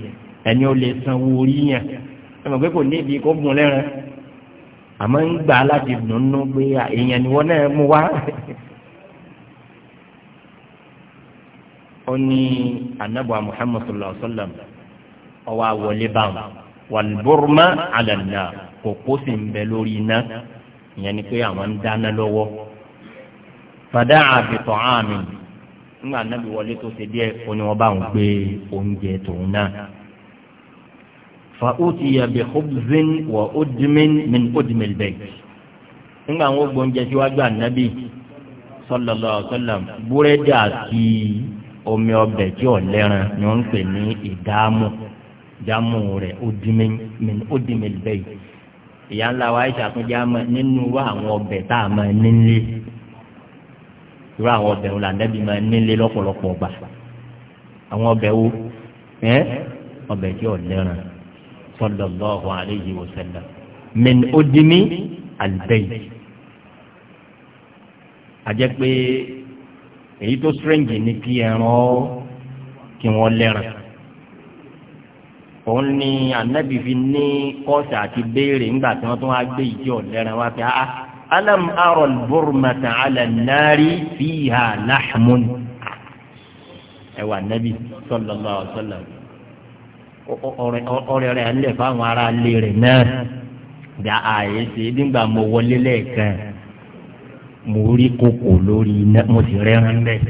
ẹni ó lè sanwó orí yẹn ẹ mọ̀ pé kò nídìí kó gùn lẹ́ran àmọ́ ń gbà láti dùnnú pé èèyàn ni wọ́n náà mú wá. ó ní anábọ̀ muhammad sallallahu alayhi wa sallam ọwọ́ àwọlé báwọn wàlúbọ̀rọ̀mọ́ àlànà kò kó sì ń bẹ lórí iná ìyẹn ni pé àwọn ń dáná lọ́wọ́ fàdá àbìtọ̀ àmì nígbà nábì wọlé tó ṣe díẹ̀ kó ni wọ́n bá wọn gbé oúnjẹ tòun náà. fa'utiya bi khubzin wa udmin min udmi al-bayt nígbà wọn gbọ́ oúnjẹ síwájú ànábì sallallahu alaihi wasallam búrẹ́dì àti omi ọbẹ̀ tí ò lẹ́ran ni wọ́n ń pè ní ìdáàmú jámù rẹ̀ udmi min udmi al ìyá ńlá wa Aisha tún jámù nínú wa àwọn ọbẹ̀ tá a máa nílé irú àwọn ọbẹ̀ wo làǹdẹ́bí máa nílé lọ́pọ̀lọpọ̀ ọgbà àwọn ọbẹ̀ wo ẹ́ ọbẹ̀ tí ọ̀lẹ́ràn sallallahu alayhi wa sallam min odimi albayt àjẹ́ pé èyí tó strange ni kí ẹran kí wọ́n lẹ́ràn òun ni anabi fi ní kọ́ọ̀sì àti béèrè ńgbà tí wọ́n tún wá gbé ìjọ lẹ́ràn wá pé áá alam arọ burmata ala nari fiha lahmun ẹwà nabi sallallahu alaihi wasallam ọ̀rẹ́ rẹ̀ ń lẹ fáwọn ará ilé rẹ̀ náà da ààyè ṣe nígbà mo wọlé lẹ́ẹ̀kan mo rí kókò lórí iná mo sì rẹ́rìn bẹ́ẹ̀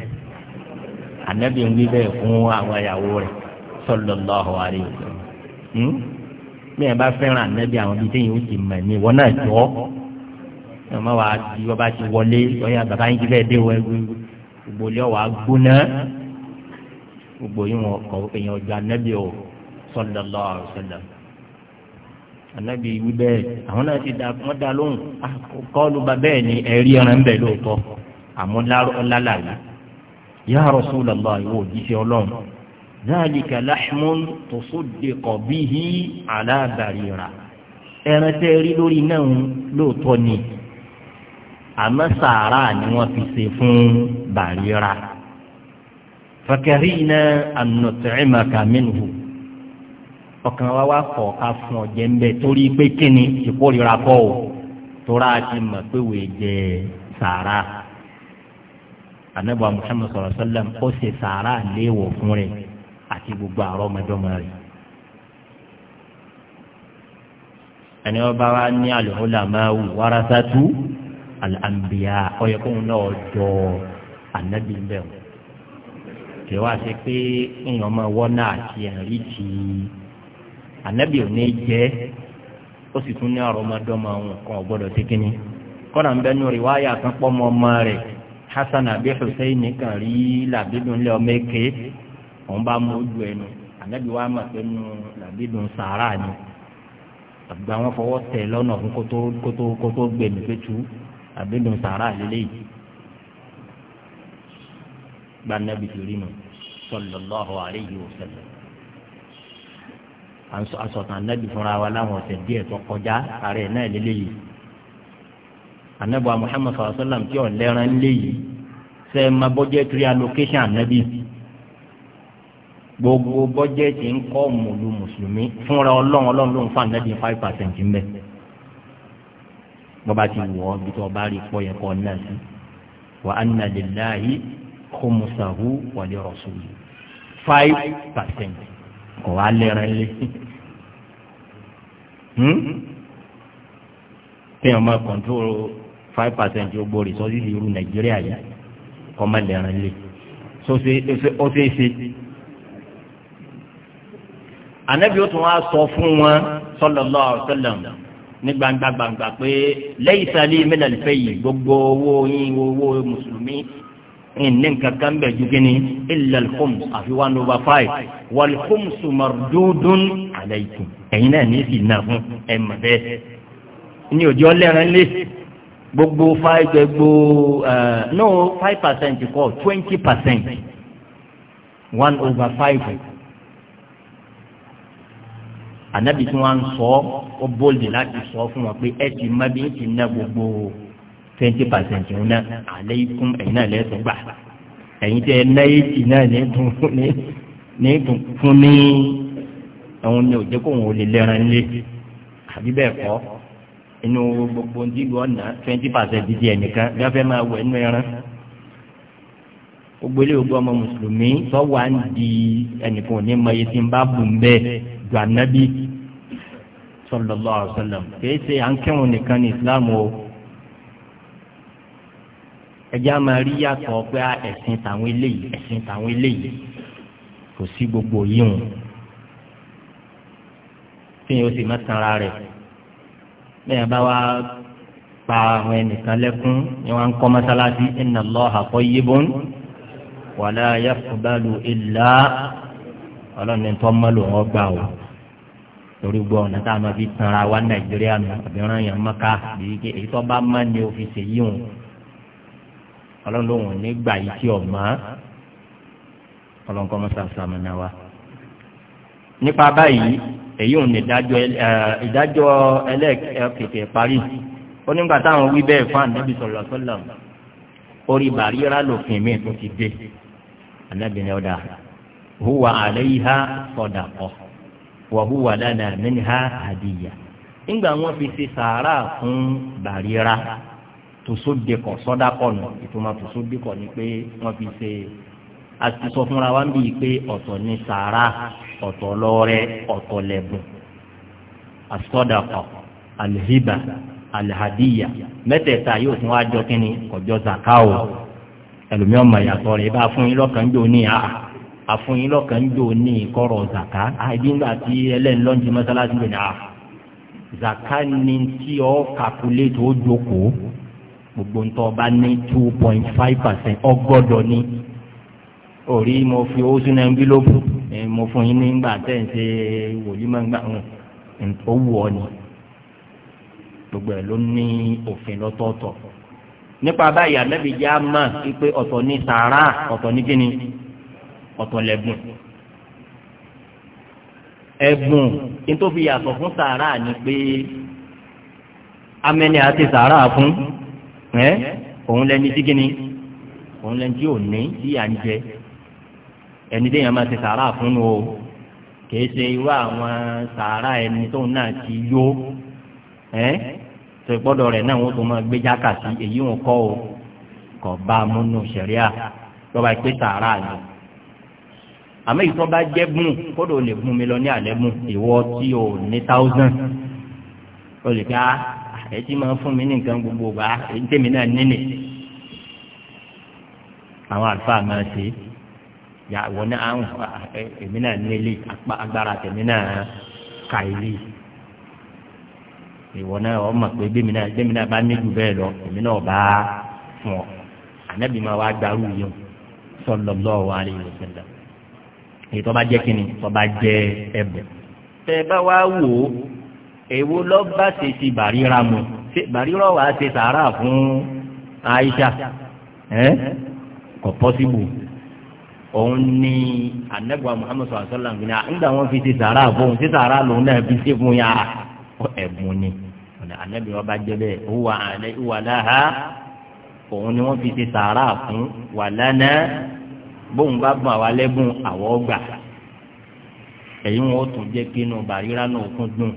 anabi ń wí bẹ́ẹ̀ fún àwọn ìyàwó rẹ̀ sallallahu alaihi wasallam mi ẹ bá fẹ́ràn anabi àwọn bíi téèyàn ó sì mọ̀ ní ìwọ náà jọ́ ọmọ wa di ọba ti wọlé ọyà bàbá yín ti bẹ́ẹ̀ dé wọ ẹgbẹ́ gbogbo ilé ọwà gbóná gbogbo yín wọn kọ èèyàn ọjọ́ anábì ọ sọlọlọ sọlọ anábì wí bẹ́ẹ̀ àwọn náà ti da wọn da lóhùn ah, kọlu ba bẹ́ẹ̀ ni ẹrí ọràn ń bẹ lóòótọ́ àmọ́ lálàyé yà á Rasulullah ìwọ òjíṣẹ́ Ọlọ́run ذلك لحم تصدق به على بريرة ẹran tẹ́ rí lórí náà lóòótọ́ ni àmọ́ sàárà ni wọ́n fi ṣe fún bàríra fakarina an nut'imaka minhu ọkàn wa wá kọ̀ ká fún ọ jẹ́ ńbẹ torí pé kíni ìkórira kọ́ o tora ti mọ̀ pé wòye jẹ sàárà anabuwa muhammad sallallahu alaihi ó ṣe sàárà léèwọ̀ fún rẹ̀ àti gbogbo àrọ́ ọmọdéwọ̀n rẹ̀. ẹni wọ́n bá wa ní al-ulama warasatu al-anbiya ọ̀yẹ̀kùn náà jọ ànábì bẹ́ẹ̀ o kì í wá ṣe pé èèyàn máa wọ́n náà àti ẹ̀rí ti ànábì ò ní jẹ́ ó sì tún ní àrọ́mọdọ́mọ àwọn nǹkan ọ̀gbọ́dọ̀ tí kínní kọ́nà ń bẹnu rí wáyà kan pọ́ mọ́ ọmọ rẹ̀ Hasan àbí Hussein kan rí làbídùn ńlẹ̀ ọmọ èké òun bá mú ojú ẹnu ànábì wa mà pé nu làbídùn sàárà ni àgbà wọn fọwọ́ tẹ̀ lọ́nà fún kótó kótó kótó gbẹ̀mí pé àbínú sàrà lélẹ̀ yìí gba nàbì torí nù sallallahu alayhi wa sallam asọ̀tàn nàbì fúnra wa láwọn ọ̀sẹ̀ díẹ̀ tó kọjá ààrẹ náà lélẹ̀ yìí anabu Muhammad sallallahu alayhi wa sallam tí ò lẹ́ran lé yìí sẹ́ ẹ̀ máa bọ́jẹ́ three allocation anabi gbogbo bọ́jẹ́tì ń kọ́ mọ̀lú mùsùlùmí fúnra ọlọ́run ọlọ́run ló ń fa nàbì five percent ń bẹ́ẹ̀ bọ́ba ti wù ọ́ bí tó o bá rí pọ́ yẹ kọ́ náà sí wa anna lillahi khumsahu wa li rasuli five percent kò wá lẹ́rẹ̀ lé téèyàn hmm? máa kọ̀ntúrò five percent gbogbo rìsọ́sì irú nàìjíríà yìí kọ́ máa lẹ́rẹ̀ lé ó ṣe é ṣe anabi o tún wá sọ fún wọn sallallahu alaihi wasallam ní gbangba gbangba pé lẹ́yìn sálí mílẹ̀lẹ́fẹ́ yìí gbogbo owó yín owó mùsùlùmí ní nǹkan kan bẹ̀ ju kí ni ilẹ̀ alhums àfi one over five walhums mardudun alaykum ẹ̀yin náà ní sì náà fún ẹ̀ mọ̀ bẹ́ẹ̀ ní òjò ọlẹ́ran lé gbogbo five gbogbo no five percent kọ́ twenty percent one over five ànábì tí wọ́n ń sọ ó bóòlì láti sọ fún wọn pé ẹ ti má bí ń ti ná gbogbo twenty percent ń ná alaykum ẹ̀yin náà lẹ́sùn gbà ẹ̀yin tẹ́ ẹ ná eighty náà ní dùn ní dùn fún ní ẹ̀hún ni òjẹ́ kó wọn ò lè lẹ́ran lé àbí bẹ́ẹ̀ kọ́ inú gbogbo ń dìgbò ọ̀nà twenty percent dídí ẹnìkan bí wọ́n fẹ́ máa wọ inú ẹran gbogbo ilé ògbó ọmọ mùsùlùmí sọ wà ń di ẹnìkan ò ní mọ iye tí ń bá bù bẹ́ẹ̀ ju ànábì sọlọlọ àṣọlọ kìí ṣe à ń kírun nìkan ní ìsìláàmù o ẹjẹ a máa rí yàtọ̀ pé ẹ̀sìn tàwọn eléyìí ẹ̀sìn tàwọn eléyìí kò sí gbogbo yìí hùn tíyẹn ó sì má tanra rẹ̀ bẹ́ẹ̀ bá wá pa àwọn ẹnìkan lẹ́kún ni wọ́n ń kọ́ mọ́sálásí inna Allaha tayyibun wala yaqbalu illa ọlọ́run ní tọ́ mọ́ lòun ọgbà o torí gbọ́ ọ̀nà tá a máa fi tanra wa nàìjíríà nù àbẹ̀rẹ̀ yẹn mọ́ká èyí tó bá má ní o fi ṣe yí òun ọlọ́run lòun ní gbà yìí tí ọ̀ mọ́ ọlọ́run kọ́ mọ́ sàmùnà wa. nípa báyìí èyí òun ní ìdájọ́ ẹlẹ́ẹ̀kẹ̀kẹ̀ parí ó nígbà táwọn wí bẹ́ẹ̀ fún ànábì sọ̀rọ̀ sọ́lọ̀ orí bàríyàrá lòfin mi tó ti dé ànábì ni ọ̀dà huwa alayha sadaqa wa huwa lana minha hadiya ńgbà wọn fi ṣe sàárà fún bàríra tòṣódekọ sọdakọ nù ìtumọ̀ tòṣódekọ ni pé wọn fi ṣe àti sọ fúnra wa ń bí i pé ọ̀tọ̀ ni sàárà ọ̀tọ̀ lọ́rẹ ọ̀tọ̀ lẹ́bùn asọdakọ alhiba alihadiya mẹ́tẹ̀ẹ̀ta yóò fún wa jọ kínní kọjọ zakao ẹlòmíràn mọ ìyàtọ̀ rẹ̀ fún yín lọ́kàn jò ní àhà. Ah, àfọyín lọ́kàn jò ní ìkọ́rọ̀ zaka àbí ńgbà tí ẹlẹ́ni lọ́njì mọ́sálásí lè nà ah, zaka ni tí ọ kàkúléètì ó jókòó gbogbo ń tọ́ ọba ní two point five percent ọgọ́dọ̀ ni orí mo fi owó sínú ẹnbílópù eh, mo fún yín nígbà tẹ̀ ń ṣe wòlímọ̀ ńgbà owó hmm, ọ ni gbogbo ẹ̀ ló ní òfin lọ́tọ̀ọ̀tọ̀ nípa báyìí ànábìyá mọ̀ wípé ọ̀tọ̀ ní sàárà ọ̀tọ̀ ní kíni ọ̀tọ̀ lẹ́bùn ẹ̀bùn nítòfi yàtọ̀ fún sàárà ni pé amẹ́ni àti sàárà fún ẹ́ òun lẹni tí kìíní òun lẹni tí ò ní tí à ń jẹ ẹni tí yẹn máa ti sàárà fún o kìí ṣe irú àwọn sàárà ẹni tóun náà ti yó ẹ́ tó gbọ́dọ̀ rẹ̀ náà wọ́n tó máa gbé jákàtì èyí wọn kọ́ o kọ̀ bá múnú ṣẹ̀ríà lọ́ba ìpè sàárà yìí àmọ́ ìtọ́ bá jẹ́ bùn kódò lè bùn mi lọ ní alẹ́ bùn ìwọ tí o ní thousand o lè ká ah, ẹ ti máa fún mi ní nǹkan gbogbo gbà èyí tèmi náà níní àwọn àlùfáà máa ṣe yà wọ́n ní àwọn èmi náà nílé agbára tèmi náà ka ilé ìwọ náà ọmọ pé bẹ́mi náà bẹ́mi náà bá níjú bẹ́ẹ̀ lọ èmi náà bá fún ọ ànábì máa wá gbárù yẹn sallallahu alaihi wasallam èyí tó bá jẹ́ kínní tó bá jẹ́ ẹ̀bùn. tẹ bá wá wò ó èwo lọ bá ṣe ti bàríra mu bàríra wàá ṣe sàárà fún Aisha kò pọ́síbù òun ni anagba Muhammad sallallahu alaihi wa sallam gbin na nígbà wọn fi ti sàárà fún ti sàárà lòun náà fi ṣe fún yà ẹ̀bùn ni anabi wa bá jẹ bẹ́ẹ̀ wà láha òun ni wọ́n fi ti sàárà fún wà lánàá. bóun bá bùn àwa lẹ́bùn àwọ̀ gbà èyí wọn ó tún jẹ́ kí inú bàríra náà kún dùn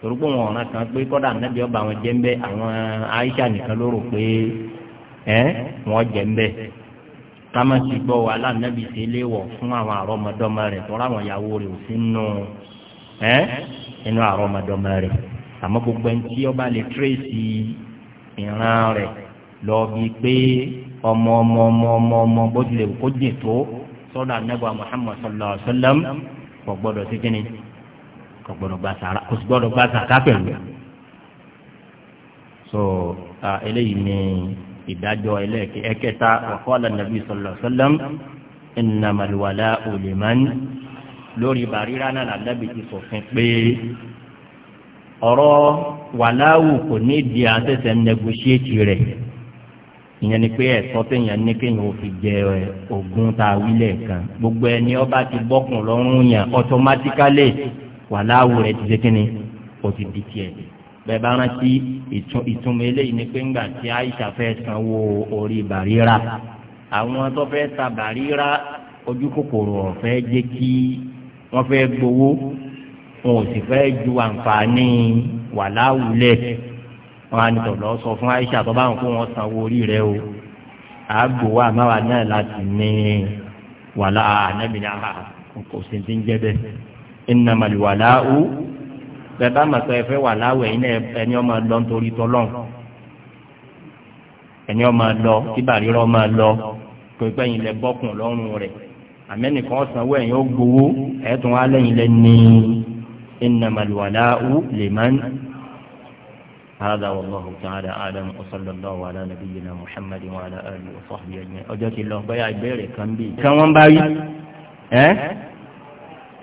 torúkọ wọn ọ̀ràn kan pé kọ́dà nàbí ọba àwọn jẹ́ ń bẹ́ àwọn Aisha nìkan ló rò pé ẹ́ wọ́n jẹ́ ń bẹ́ ti gbọ́ wa lánàbí ṣe lé wọ̀ fún àwọn ọmọ ọmọ ọmọ ọmọ ọmọ bó tilẹ̀ kó jìn tó sọ́dọ̀ anábọ̀ Muhammad sallallahu alayhi wa sallam kò gbọ́dọ̀ sí kíni kò gbọ́dọ̀ gba sàrà kò sì gbọ́dọ̀ gba sàrà pẹ̀lú. so eléyìí ni ìdájọ́ ẹlẹ́ẹ̀kẹ́ ẹ̀kẹta wàkọ́lá nàbí sallallahu alayhi wa sallam innamal wala'u liman lórí bàríra náà làdábì ti sọ̀fin pé ọ̀rọ̀ wàláwù kò ní di àtẹ̀sẹ̀ negotiate rẹ̀ ìyẹn ni pé ẹ̀tọ́ téèyàn ní kéèyàn ò fi jẹ ogún tá a wí lẹ́ẹ̀kan gbogbo ẹni ọba ti bọ́kùn lọ́rùn yàn ọtọmátíkálì wà láàwù rẹ̀ ti ṣe kínni ó ti di tiẹ̀ bẹ́ẹ̀ bá rántí ìtumọ̀ eléyìí ni pé ńgbà tí Aisha fẹ́ sanwó orí bàríra àwọn tó fẹ́ ta bàríra ojú kòkòrò ọ̀fẹ́ jẹ́ kí wọ́n fẹ́ gbowó wọn ò sì fẹ́ ju àǹfààní wà láàwù lẹ́ẹ̀kan wọn á ní tọ̀lọ́ sọ fún Aisha tó bá ń kó wọn san owó orí rẹ o àgbò wa àmàwà náà láti ní wàlá ànábì ní àhà kò sí ti ń jẹ́ bẹ́ẹ̀ innamal wala'u bẹ́ẹ̀ bá mọ̀ ẹ fẹ́ wàlá wẹ̀yìn náà ẹni ọmọ lọ nítorí tọ́lọ́n ẹni ọmọ lọ kíbàrí rọ ọmọ lọ pẹpẹ yìí lẹ bọkùn lọ́rùn rẹ̀ àmẹnìkan sanwó ẹ̀yìn ó gbowó ẹtùn alẹyìn lẹ ní innamal wala'u liman هذا والله تعالى أعلم وصلى الله على نبينا محمد وعلى آله وصحبه أجمعين أجاك الله بيع بيري كان بي كان وان باوي ها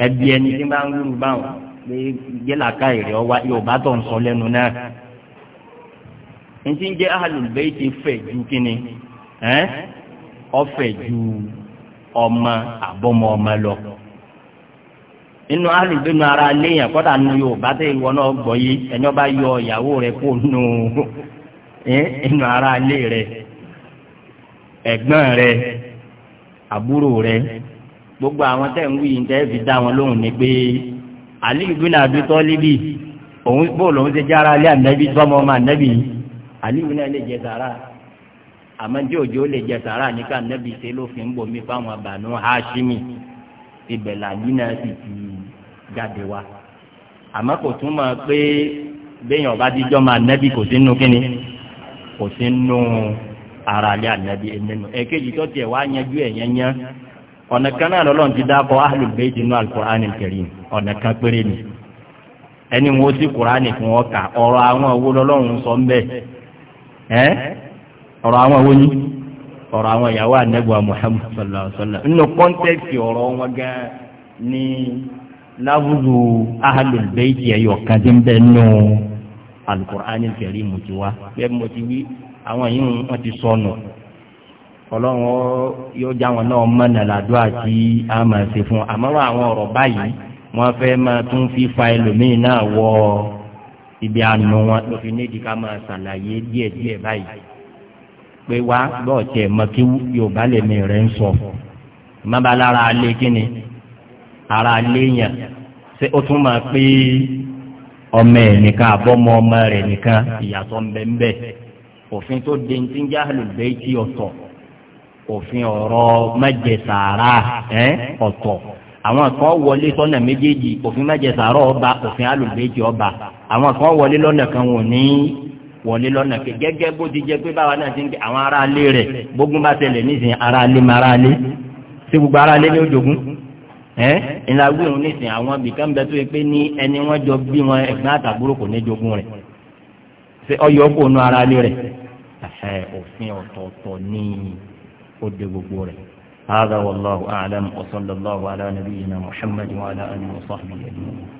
ẹbí ẹni tí bá ń rú báwọn pé jẹ́làká ìrẹ́ ọwá yorùbá tó ń sọ lẹ́nu náà ntí ń jẹ́ alùbẹ́ ti fẹ̀ ju kínni ọfẹ̀ ju ọmọ àbọ̀mọ ọmọ lọ. inú alùpùpù ara léèyàn kọ́dà nu yorùbá tẹ ìwọ náà gbọ́ yé ẹni ọba yọ ìyàwó rẹ kó nu inú ara lé rẹ ẹ̀gbọ́n rẹ àbúrò rẹ gbogbo àwọn tẹ̀ ń wí tẹ́ fi dá wọn lóhùn ni pé alùpùpù náà bí líbi òun bó lòun ti jára lé ànábi tọ́mọ ọmọ náà lè jẹ sàrà àmọ́ tí òjò lè jẹ sàrà jáde wá àmọ́ kò tún máa pé béèyàn ọba díjọ́ máa nẹ́bí kò sí nù kíni kò sí nù ara alẹ́ ànábi ẹ̀mẹ́nu èkejì tó tiẹ̀ wá yanjú ẹ̀ yẹnyẹn ọ̀nà kan náà lọ́lọ́run ti dákọ̀ ahlul bayt nínú al-Qur'anil karim ọ̀nà kan péré ni ẹni wọn ó sì kùránì fún wọn kà ọ̀rọ̀ àwọn owó lọ́lọ́run sọ ń bẹ̀ ẹ́ ọ̀rọ̀ àwọn owó ni ọ̀rọ̀ àwọn ìyàwó ànágbà Muhammad sallallahu alaihi wasallam nínú kọ́ńtẹ́ẹ̀tì ọ̀rọ̀ wọn gan ni láwùjọ ahlul bayti ẹ̀yọ̀ kan tí ń bẹ nù alukur'ani karim mo ti wá bẹ́ẹ̀ mo ti wí àwọn yìí wọ́n ti sọnù ọlọ́run yóò já wọn náà mọ̀nà làdúrà tí a máa ṣe fún àmọ́ àwọn ọ̀rọ̀ báyìí wọ́n fẹ́ máa tún fífa ẹlòmíín náà wọ ibi àánú wọn ló fi nídìí ká máa ṣàlàyé díẹ̀díẹ̀ báyìí pé wá bọ́ọ̀ tiẹ̀ mọ́kí yorùbá lèmi rẹ̀ ń sọ má alẹ́ kí ni. ara léèyàn ṣé ó tún máa pé ọmọ ẹ̀ nìkan ọmọ rẹ̀ nìkan ìyàtọ̀ òfin tó de ní ti ń tí òfin ọ̀rọ̀ mẹ́jẹsàárà ọtọ. àwọn kan wọlé méjèèjì òfin ọba òfin ọba àwọn kan wọlé kan wò ní wọlé bó ti pé báwa náà ti ń gbé àwọn aráalé gbógun bá nísìnyí aráalé máa aráalé sí gbogbo ìlà wíwọ̀n nísìnyí àwọn ibìkan bẹ tó yẹ pé ní ẹni wọn jọ bí wọn ẹ̀gbọ́n àtàbúrò kò ní jogún rẹ̀ ṣe ọyọ kò nu ara lé rẹ̀ òfin ọ̀tọ̀ọ̀tọ̀ ní òde gbogbo rẹ̀. هذا والله أعلم وصلى الله على نبينا محمد وعلى آله وصحبه أجمعين